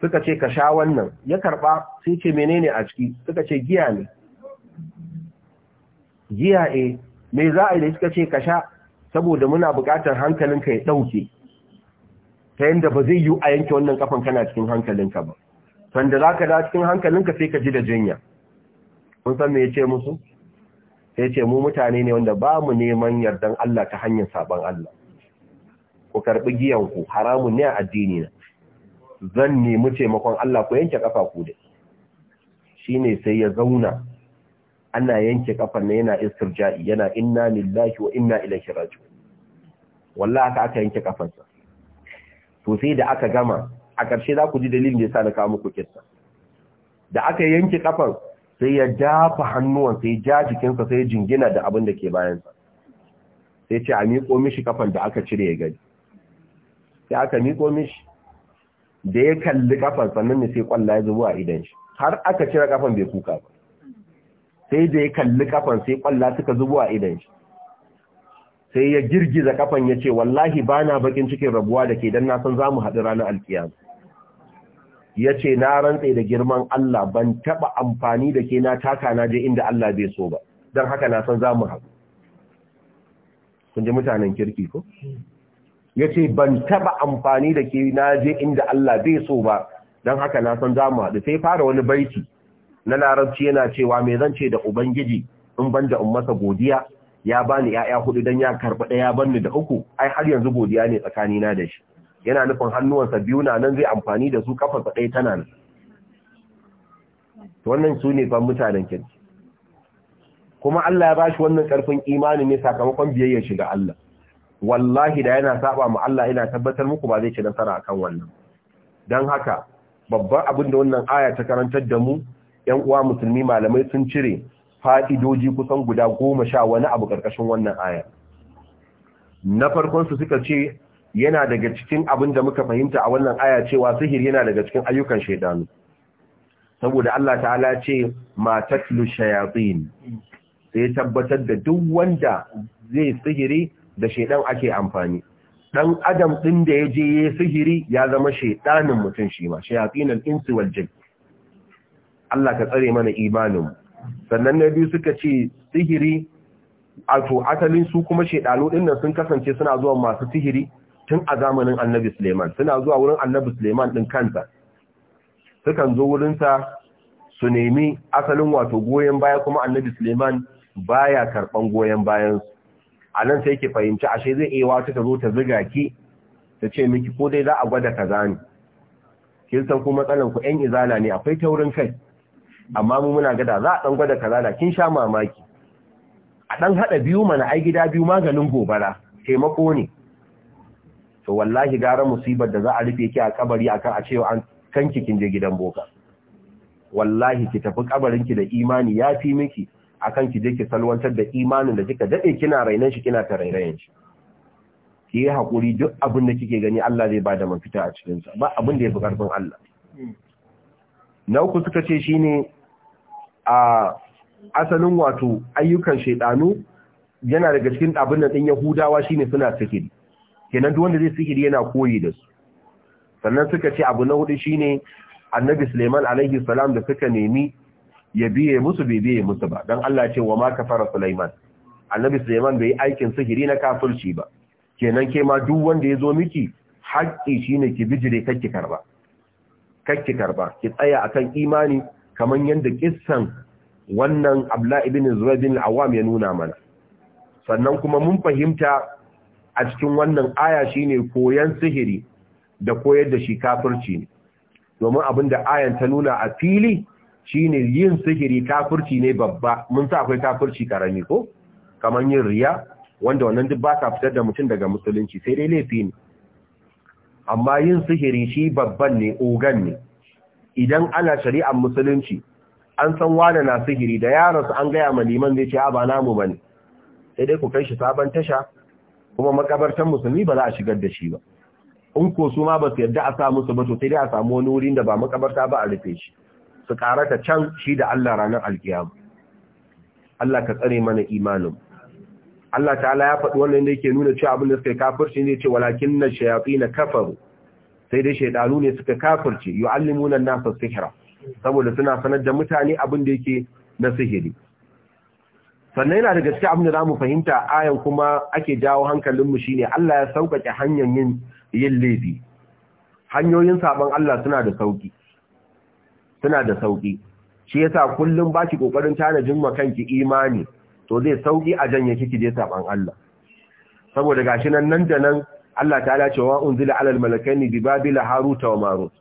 suka ce ka sha wannan ya karɓa sai ce menene a ciki suka ce giya ne giya e me za a yi da suka ce ka sha saboda muna buƙatar hankalinka ya ɗauke ta yadda ba zai yi a yanke wannan kafan kana cikin hankalinka ba sanda za ka da cikin hankalinka sai ka ji da jinya kun san me ya ce musu sai ce mu mutane ne wanda ba mu neman yardan Allah ta hanyar sabon Allah ku karɓi giyanku haramun ne a addini na zan nemi taimakon Allah ku yanke kafa ku da shi ne sai ya zauna ana yanke kafar na yana ja'i, yana inna lillahi wa inna ilaihi raji'un wallahi aka aka yanke kafarsa to sai da aka gama a ƙarshe za ku ji dalilin da ya sa na kawo muku kissa da aka yanke kafar sai ya dafa hannuwan sai ja jikinsa sai jingina da abin da ke bayansa sai ce a miƙo mishi kafar da aka cire ya gani sai aka miƙo mishi da ya kalli kafan sannan ne sai kwalla ya zubo a idan shi har aka cire kafar bai kuka ba sai da ya kalli kafan sai kwalla suka zubo a idan shi sai ya girgiza kafan ya ce wallahi ba na bakin cikin rabuwa da ke don na san za mu haɗu ranar alkiyama ya ce na rantse da girman Allah ban taɓa amfani da ke na taka na je inda Allah bai so ba don haka na san za mu haɗu kun ji mutanen kirki ko ya ce ban taɓa amfani da ke na je inda Allah bai so ba don haka na san za mu haɗu sai fara wani baiti na larabci yana cewa me zan ce da ubangiji in ban da ummasa godiya ya bani ya'ya hudu dan ya karba daya banni da uku ai har yanzu godiya ne tsakani na da shi yana nufin hannuwansa biyu na nan zai amfani da su kafa ɗaya tana nan wannan su ne fa mutanen kirki kuma Allah ya bashi wannan karfin imani ne sakamakon biyayya shiga Allah wallahi da yana saba mu Allah ina tabbatar muku ba zai ci nasara akan wannan dan haka babban abin da wannan aya ta karantar da mu ƴan uwa musulmi malamai sun cire fa'idoji kusan guda goma sha wani abu ƙarƙashin wannan aya na farkonsu suka ce yana daga cikin abin da muka fahimta a wannan aya cewa sihir yana daga cikin ayyukan shaidanu saboda Allah ta'ala ce ma tatlu shayatin sai tabbatar da duk wanda zai sihiri da shaidan ake amfani ɗan adam ɗin da ya je ya yi sihiri ya zama shaidanin mutum shi ma shayatinul insi wal Allah ka tsare mana imaninmu sannan na biyu suka ce sihiri to asalin su kuma shedanu din nan sun kasance suna zuwa masu sihiri tun a zamanin Annabi Suleiman suna zuwa wurin Annabi Suleiman din kansa sukan zo wurinsa su nemi asalin wato goyon baya kuma Annabi Suleiman baya karban goyon bayansu. su a nan sai ki fahimci ashe zai iya wata ta zo ta ziga ki ta ce miki ko dai za a gwada kaza ne kin san ku matsalan ku yan izala ne akwai taurin kai amma mu muna gada za a dan gwada kaza da kin sha mamaki a dan hada biyu mana ai gida biyu maganin gobara taimako ne to wallahi gara musibar da za a rufe ki a kabari akan a cewa an kanki kin je gidan boka wallahi ki tafi kabarin ki da imani yafi miki akan ki je ki salwantar da imanin da kika dade kina rainan shi kina tarairayen shi ki yi hakuri duk abin da kike gani Allah zai bada mafita a cikin sa ba abin da yafi karfin Allah mm. na uku suka ce shine a asalin wato ayyukan shaidanu yana daga cikin abin da ɗin yahudawa shine suna sihiri kenan duk wanda zai sihiri yana koyi da su sannan suka ce abu na hudu shine annabi suleiman alaihi salam da suka nemi ya biye musu bai biye musu ba dan Allah ce wa ma kafara suleiman annabi suleiman bai aikin sihiri na kafirci ba kenan ke ma duk wanda ya zo miki haƙƙi shine ki bijire kakki karba kakki karba ki tsaya akan imani Kaman yadda kissan wannan abla ibn zubair bin awam ya nuna mana sannan kuma mun fahimta a cikin wannan aya shine koyan sihiri da koyar da shi kafirci ne domin abin da ayan ta nuna a fili shine yin sihiri kafirci ne babba mun sa akwai kafirci karami ko kamar yin riya wanda wannan duk ba ka fitar da mutum daga musulunci sai dai laifi ne amma yin sihiri shi babban ne ogan ne idan ana shari'ar musulunci an san wane na sihiri da yaransu an gaya ma liman zai ce ba namu ba ne sai dai ku kai shi sabon tasha kuma makabartan musulmi ba za a shigar da shi ba in ko su ma ba su yarda a sa musu ba to sai dai a samu wani wurin da ba makabarta ba a rufe shi su karata can shi da Allah ranar alkiyama Allah ka tsare mana imanin Allah ta'ala ya faɗi wannan da yake nuna cewa abin da suka kafirci ne ce walakin na shayafi na kafaru sai dai shaidanu ne suka kafirce yu'allimuna an-nasa sihra saboda suna sanar da mutane abin da yake na sihiri sannan yana daga cikin abin da zamu fahimta ayan kuma ake jawo hankalin mu shine Allah ya sauƙaƙe hanyar yin yin laifi hanyoyin saban Allah suna da sauki suna da sauki shi yasa kullum baki kokarin tanajin makanki imani to zai sauƙi a janye kiki je saban Allah saboda gashi nan nan da nan Allah ta ce wa unzila alal malakaini bi babila haruta wa marut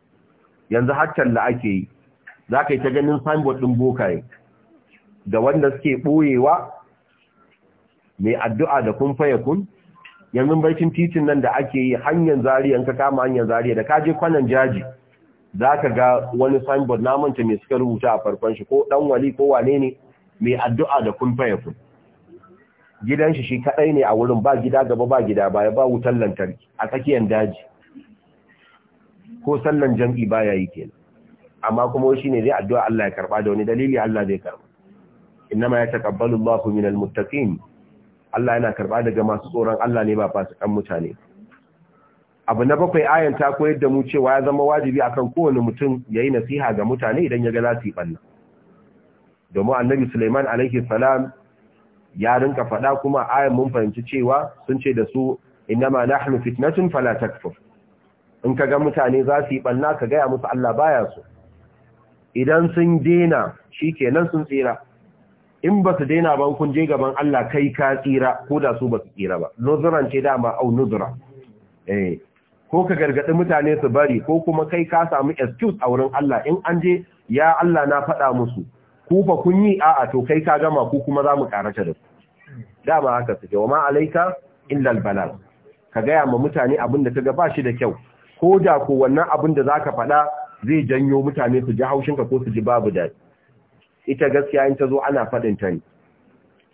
yanzu har talla ake yi zaka yi ta ganin signboard din bokaye da wanda suke ɓoyewa, mai addu'a da kun faye kun yanzu barkin titin nan da ake yi hanyar zariya ka kama hanyar zariya da ka je kwanan jaji zaka ga wani signboard na manta mai suka rubuta a farkon shi ko dan wali ko wane ne mai addu'a da kun faye kun gidan shi shi kadai ne a wurin ba gida gaba ba gida baya ba wutan lantarki a tsakiyar daji ko sallan jam'i baya yi kenan amma kuma shi ne zai addu'a Allah ya karba da wani dalili Allah zai karba innama ya taqabbalu Allahu minal muttaqin Allah yana karba daga masu tsoron Allah ne ba fasikan mutane abu na bakwai ayan ta koyar da mu cewa ya zama wajibi akan kowane mutum yayi nasiha ga mutane idan ya ga za su yi banna domin annabi Sulaiman alaihi salam ya rinka faɗa kuma ayan mun fahimci cewa sun ce da su innama nahnu fitnatun fala takfur in kaga mutane za su yi banna ka gaya musu Allah baya su idan sun dena shikenan sun tsira in ba su dena ban kun je gaban Allah kai ka tsira ko da su ba su tsira ba nuzran ce dama au nuzra eh ko ka gargadi mutane su bari ko kuma kai ka samu excuse a wurin Allah in an je ya Allah na faɗa musu ku fa kun yi a'a to kai ka gama ku kuma za mu karata da su? dama haka suke wa ma alaika illa albalag ka gaya ma mutane abin da ga bashi shi da kyau ko da ko wannan abin da zaka faɗa zai janyo mutane su ji haushinka ko su ji babu daɗi ita gaskiya in ta zo ana faɗin ta ne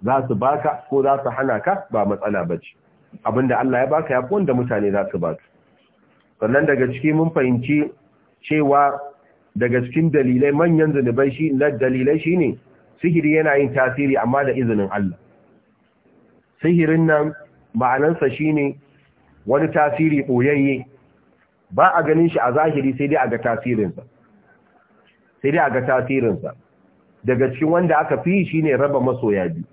za su baka ko za su hana ka ba matsala ba ce abinda Allah ya baka ya fi wanda mutane za su baka sannan daga ciki mun fahimci cewa daga cikin dalilai manyan zunubai shi dalilai shine sihiri yana yin tasiri amma da izinin Allah sihirin nan ma'anansa shi ne wani tasiri ɓoyayye ba a ganin shi a zahiri sai dai a ga tasirinsa sai dai a ga tasirinsa daga cikin wanda aka fi shi ne raba masoya biyu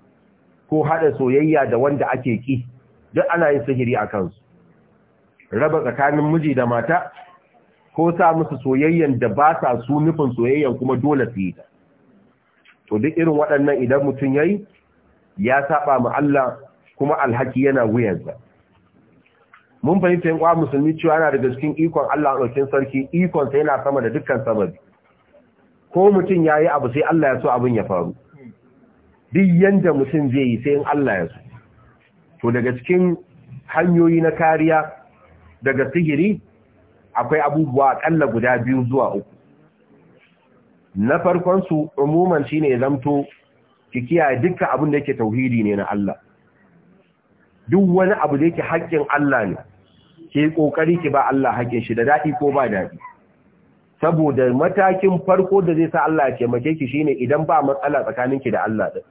ko haɗa soyayya da wanda ake ki duk ana yin sihiri a kansu raba tsakanin miji da mata ko sa musu soyayyan da ba sa su nufin soyayyan kuma dole su yi to duk irin waɗannan idan mutum ya yi, ya saba ma Allah kuma alhaki yana wuyansa mun fahimta yankwa musulmi cewa yana daga cikin ikon Allah ɗaukin sarki ikonsa yana sama da dukkan sababi ko mutum ya yi abu sai Allah ya so abin ya faru duk yanda mutum zai yi sai in Allah ya so to daga cikin hanyoyi na kariya daga sihiri akwai abubuwa kalla guda biyu zuwa uku na farkon farkonsu umuman shine zamto ki kiyaye dukkan abin da yake tauhidi ne na Allah duk wani abu da yake haƙƙin Allah ne ke kokari ki ba Allah haƙƙin shi da daɗi ko ba daɗi saboda matakin farko da zai sa Allah ya mace ki shine idan ba matsala tsakaninki da Allah din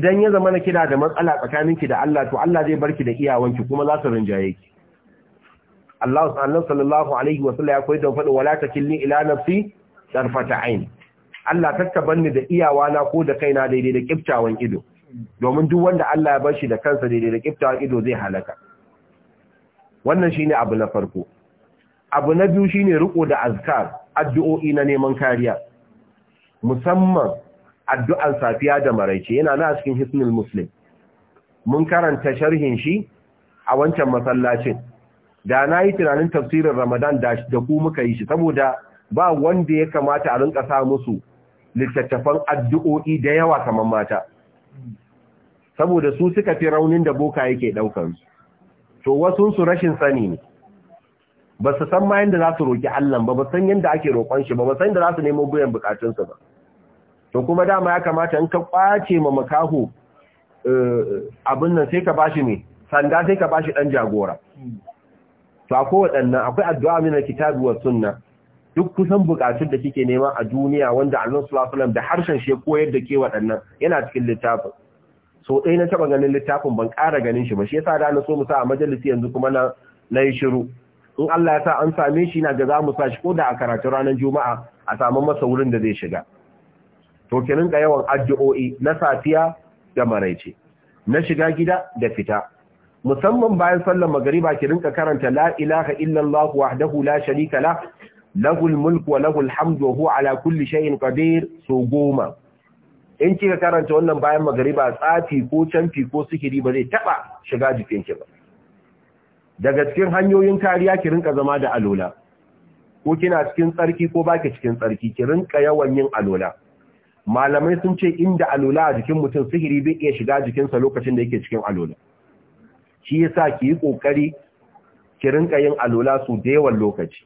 idan ya zama na kina da matsala tsakaninki da Allah to Allah zai barki da iyawanki kuma za su rinjaye ki Allah sallallahu alaihi wasallam ya koyi da faɗin wala takilni ila nafsi tarfata ain Allah kakka da iyawana ko da kaina daidai da kiftawan ido domin duk wanda Allah ya bar shi da kansa daidai da kiftawar ido zai halaka wannan shi ne abu na farko abu na biyu shi ne riko da azkar addu'o'i na neman kariya musamman addu'an safiya da maraice yana na cikin hisnul muslim mun karanta sharhin shi a wancan masallacin da na yi tunanin tafsirin ramadan da ku muka yi shi saboda ba wanda ya kamata a rinka sa musu littattafan addu'o'i da yawa kamar mata saboda su suka fi raunin da boka yake ɗaukansu, su to wasu su rashin sani ne ba su san ma da za su roƙi Allah ba ba san yadda ake roƙon shi ba ba san yadda za su nemo biyan bukatunsa ba to kuma dama ya kamata in ka kwace ma makaho eh, abin nan sai ka bashi ne sanda sai ka bashi ɗan jagora to akwai waɗannan akwai addu'a mina kitabu wa sunna duk kusan bukatun da kike nema a duniya wanda Allah sallallahu alaihi da harshen shi koyar da ke waɗannan yana cikin littafin so ɗaya na taɓa ganin littafin ban ƙara ganin shi ba shi yasa da na so mu sa a majalisi yanzu kuma na na yi shiru in Allah ya sa an same shi na ga za mu sa shi ko da a karatu ranar juma'a a samu masa wurin da zai shiga to ki rinka yawan addu'o'i na safiya da maraice na shiga gida da fita musamman bayan sallar magariba ki rinka karanta la ilaha illallah wahdahu la sharika lah lahul mulku wa lahul hamdu wa huwa ala kulli shay'in qadir so goma in kika karanta wannan bayan magariba tsafi ko canfi ko sihiri ba zai taba shiga jikinki ba daga cikin hanyoyin kariya ki rinka zama da alola ko kina cikin tsarki ko baki cikin tsarki ki rinka yawan yin alola malamai sun ce inda alola a jikin mutum sihiri bai iya shiga jikinsa lokacin da yake cikin alola shi yasa ki yi kokari ki rinka yin alola su da yawan lokaci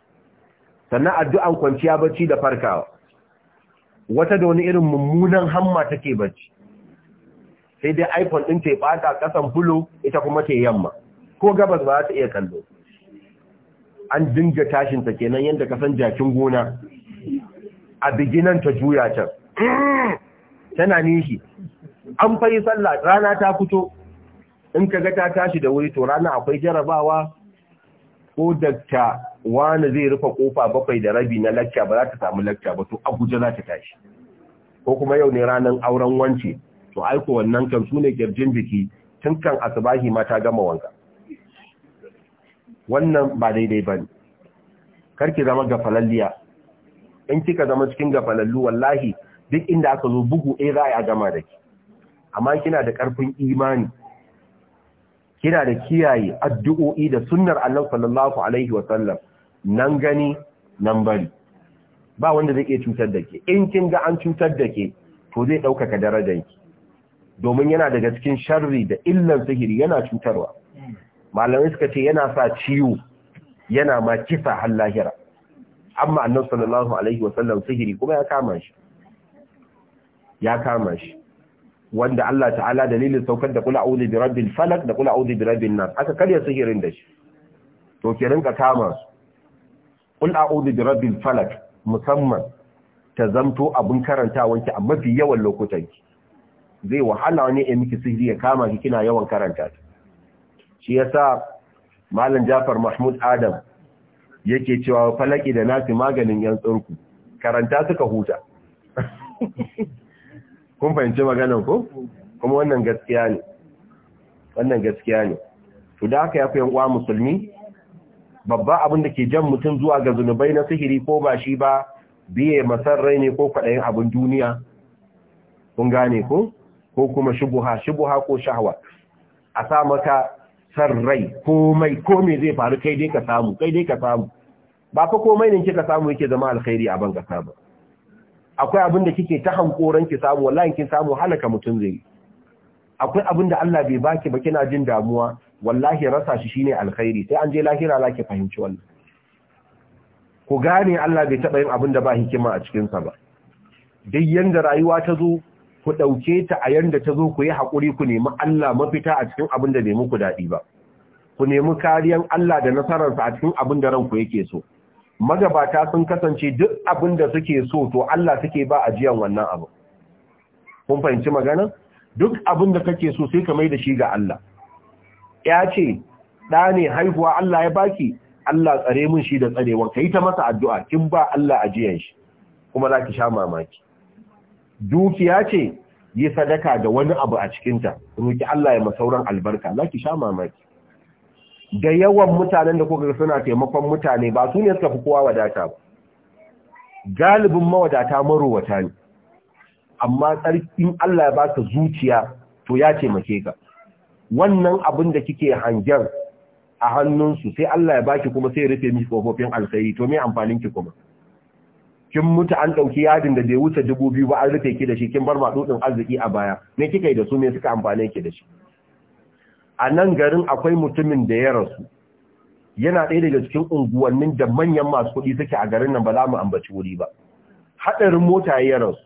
sannan addu'an kwanciya bacci da farkawa wata da wani irin mummunan hamma take bacci sai dai iphone ɗin ta ɓata kasan fulo ita kuma ta yamma ko gabas ba za ta iya kallo an dinga tashin ta kenan yadda kasan jakin gona a biginan ta juya can (clears throat) tana nishi an fari sallah rana ta fito in ka ga ta tashi da wuri to rana akwai jarabawa ko dakta wani zai rufe kofa bakwai da rabi na lakca ba za ta samu lakca ba to abuja za ta tashi ko kuma yau ne ranar auren wance to aiko wannan kan su ne kirjin biki tun kan asibahi ma ta gama wanka wannan ba daidai ba ne ki zama gafalalliya in kika zama cikin gafalallu wallahi duk inda aka zo bugu ɗaya za a gama da ki amma kina da ƙarfin imani kina da kiyaye addu'o'i da sunnar Allah sallallahu alaihi wa sallam nan gani nan bari ba wanda zai iya cutar da ke in kin ga an cutar da ke to zai ɗaukaka darajanki domin yana daga cikin sharri da illan sihiri yana cutarwa malamai suka ce yana sa ciwo yana ma kisa har amma annabi sallallahu alaihi wa sallam sihiri kuma ya kama shi ya kama shi wanda Allah ta'ala dalilin saukar da kula auzi bi rabbil falak da kula auzi bi rabbin nas aka karya sihirin da shi to ke rinka kama su kul a'udhu bi rabbil falak musamman ta zamto abun karantawa ki a mafi yawan lokutan ki zai wahala ne in miki sihiri ya kama ki kina yawan karanta ta shi yasa malam Jafar Mahmud Adam yake cewa falaki da nasi maganin yan tsurku karanta suka huta (laughs) kun fahimci maganan ko kuma wannan gaskiya ne wannan gaskiya ne to da haka yafi yanwa musulmi babba abin da ke jan mutum zuwa ga zunubai na sihiri ko ba shi ba biye masarrai ne ko kwaɗayin abin duniya kun gane ko ko kuma shubuha shubuha ko shahwa a sa maka sarrai komai komai zai faru kai dai ka samu kai dai ka samu ba fa komai ne kika samu yake zama alkhairi a ban kasa ba akwai abin da kike ta hankoran ki samu wallahi kin samu halaka mutum zai akwai abin da Allah bai baki ba kina jin damuwa wallahi rasa shi shine alkhairi sai an je lahira laki fahimci wannan ku gane Allah bai taba yin abin da ba hikima a cikin sa ba duk yanda rayuwa ta zo ku dauke ta a yanda ta zo ku yi hakuri ku nemi Allah mafita a cikin abin da bai muku dadi ba ku nemi kariyan Allah da nasararsa a cikin abin da ranku yake so magabata sun kasance duk abin da suke so to Allah suke ba ajiyan wannan abu kun fahimci magana duk abin da kake so sai ka mai da shi ga Allah ya ce ɗa ne haihuwa Allah ya baki Allah tsare mun shi da tsarewan kai ta masa addu'a kin ba Allah ajiyan shi kuma za ki sha mamaki dukiya ce yi sadaka da wani abu a cikinta roki Allah ya masauran albarka za ki sha mamaki da yawan mutanen da kuka suna taimakon mutane ba su ne suka fi kowa wadata ba galibin mawadata marowata ne amma tsarkin Allah ya baka zuciya to ya taimake ka wannan abin da kike hangen a hannunsu sai Allah ya baki kuma sai ya rufe miki kofofin alkhairi to me amfanin ki kuma kin mutu an dauki yadin da bai wuce dubu biyu ba an rufe ki da shi kin bar ma dudin arziki a baya me kika yi da su me suka amfane ki da shi a nan garin akwai mutumin da ya rasu yana ɗaya daga cikin unguwannin da manyan masu kuɗi suke a garin nan ba za mu ambaci wuri ba haɗarin mota ya rasu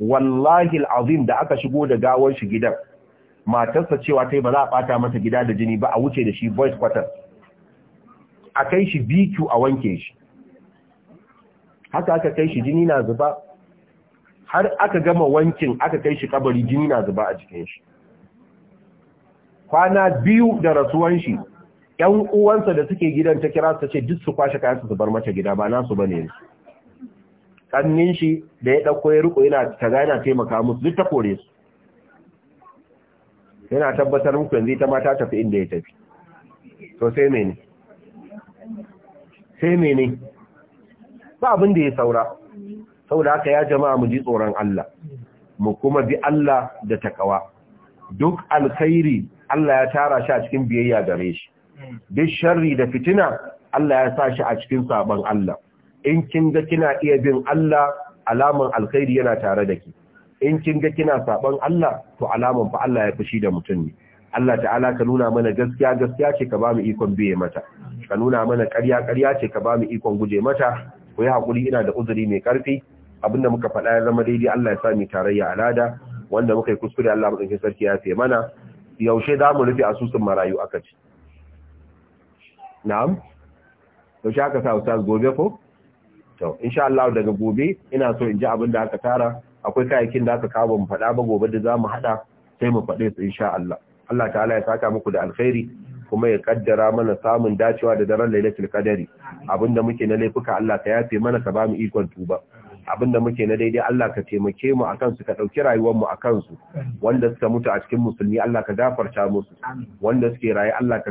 wallahi azim da aka shigo da gawar shi gidan matarsa cewa tai ba za a ɓata mata gida da jini ba a wuce da shi voice quarter a kai shi BQ a wanke shi haka aka kai shi jini na zuba har aka gama wankin aka kai shi kabari jini na zuba a jikin shi kwana biyu da rasuwan shi ƴan uwansa da suke gidan ta kira su ce duk su kwashe kayan su bar mata gida ba nasu bane yanzu kannin shi da ya dauko ya riko yana ga yana taimaka musu duk ta kore su yana tabbatar muku yanzu ita ma ta tafi inda ya tafi to sai mene sai mene ba abin da ya saura saboda haka ya jama'a mu ji tsoron Allah mu kuma bi Allah da takawa duk alkhairi Allah ya tara shi a cikin biyayya gare shi duk sharri da fitina Allah ya sa shi a cikin sabon Allah in kin ga kina iya bin Allah alaman alkhairi yana tare da ki in kin ga kina sabon Allah to alaman fa Allah ya fushi da mutum ne Allah ta'ala ka nuna mana gaskiya gaskiya ce ka ba mu ikon biye mata ka nuna mana ƙarya ƙarya ce ka ba mu ikon guje mata ku yi hakuri ina da uzuri mai karfi abinda muka faɗa ya zama daidai Allah ya sa mu tarayya alada wanda muka yi kuskure Allah mu sarki ya fiye mana yaushe za mu rufe asusun marayu aka ci na'am yaushe aka sa ustaz gobe ko to insha Allah daga gobe ina so in ji abin da aka tara akwai kayakin da aka kawo mu faɗa ba gobe da zamu hada sai mu fade su insha Allah Allah ta'ala ya saka muku da alkhairi kuma ya kaddara mana samun dacewa da daren lailatul qadari abinda muke na laifuka Allah ka yafe mana ka ba mu ikon tuba Abin da muke na daidai Allah ka taimake mu akan su ka dauki rayuwar mu akan su wanda suka mutu a cikin musulmi Allah ka gafarta musu wanda suke raye Allah ka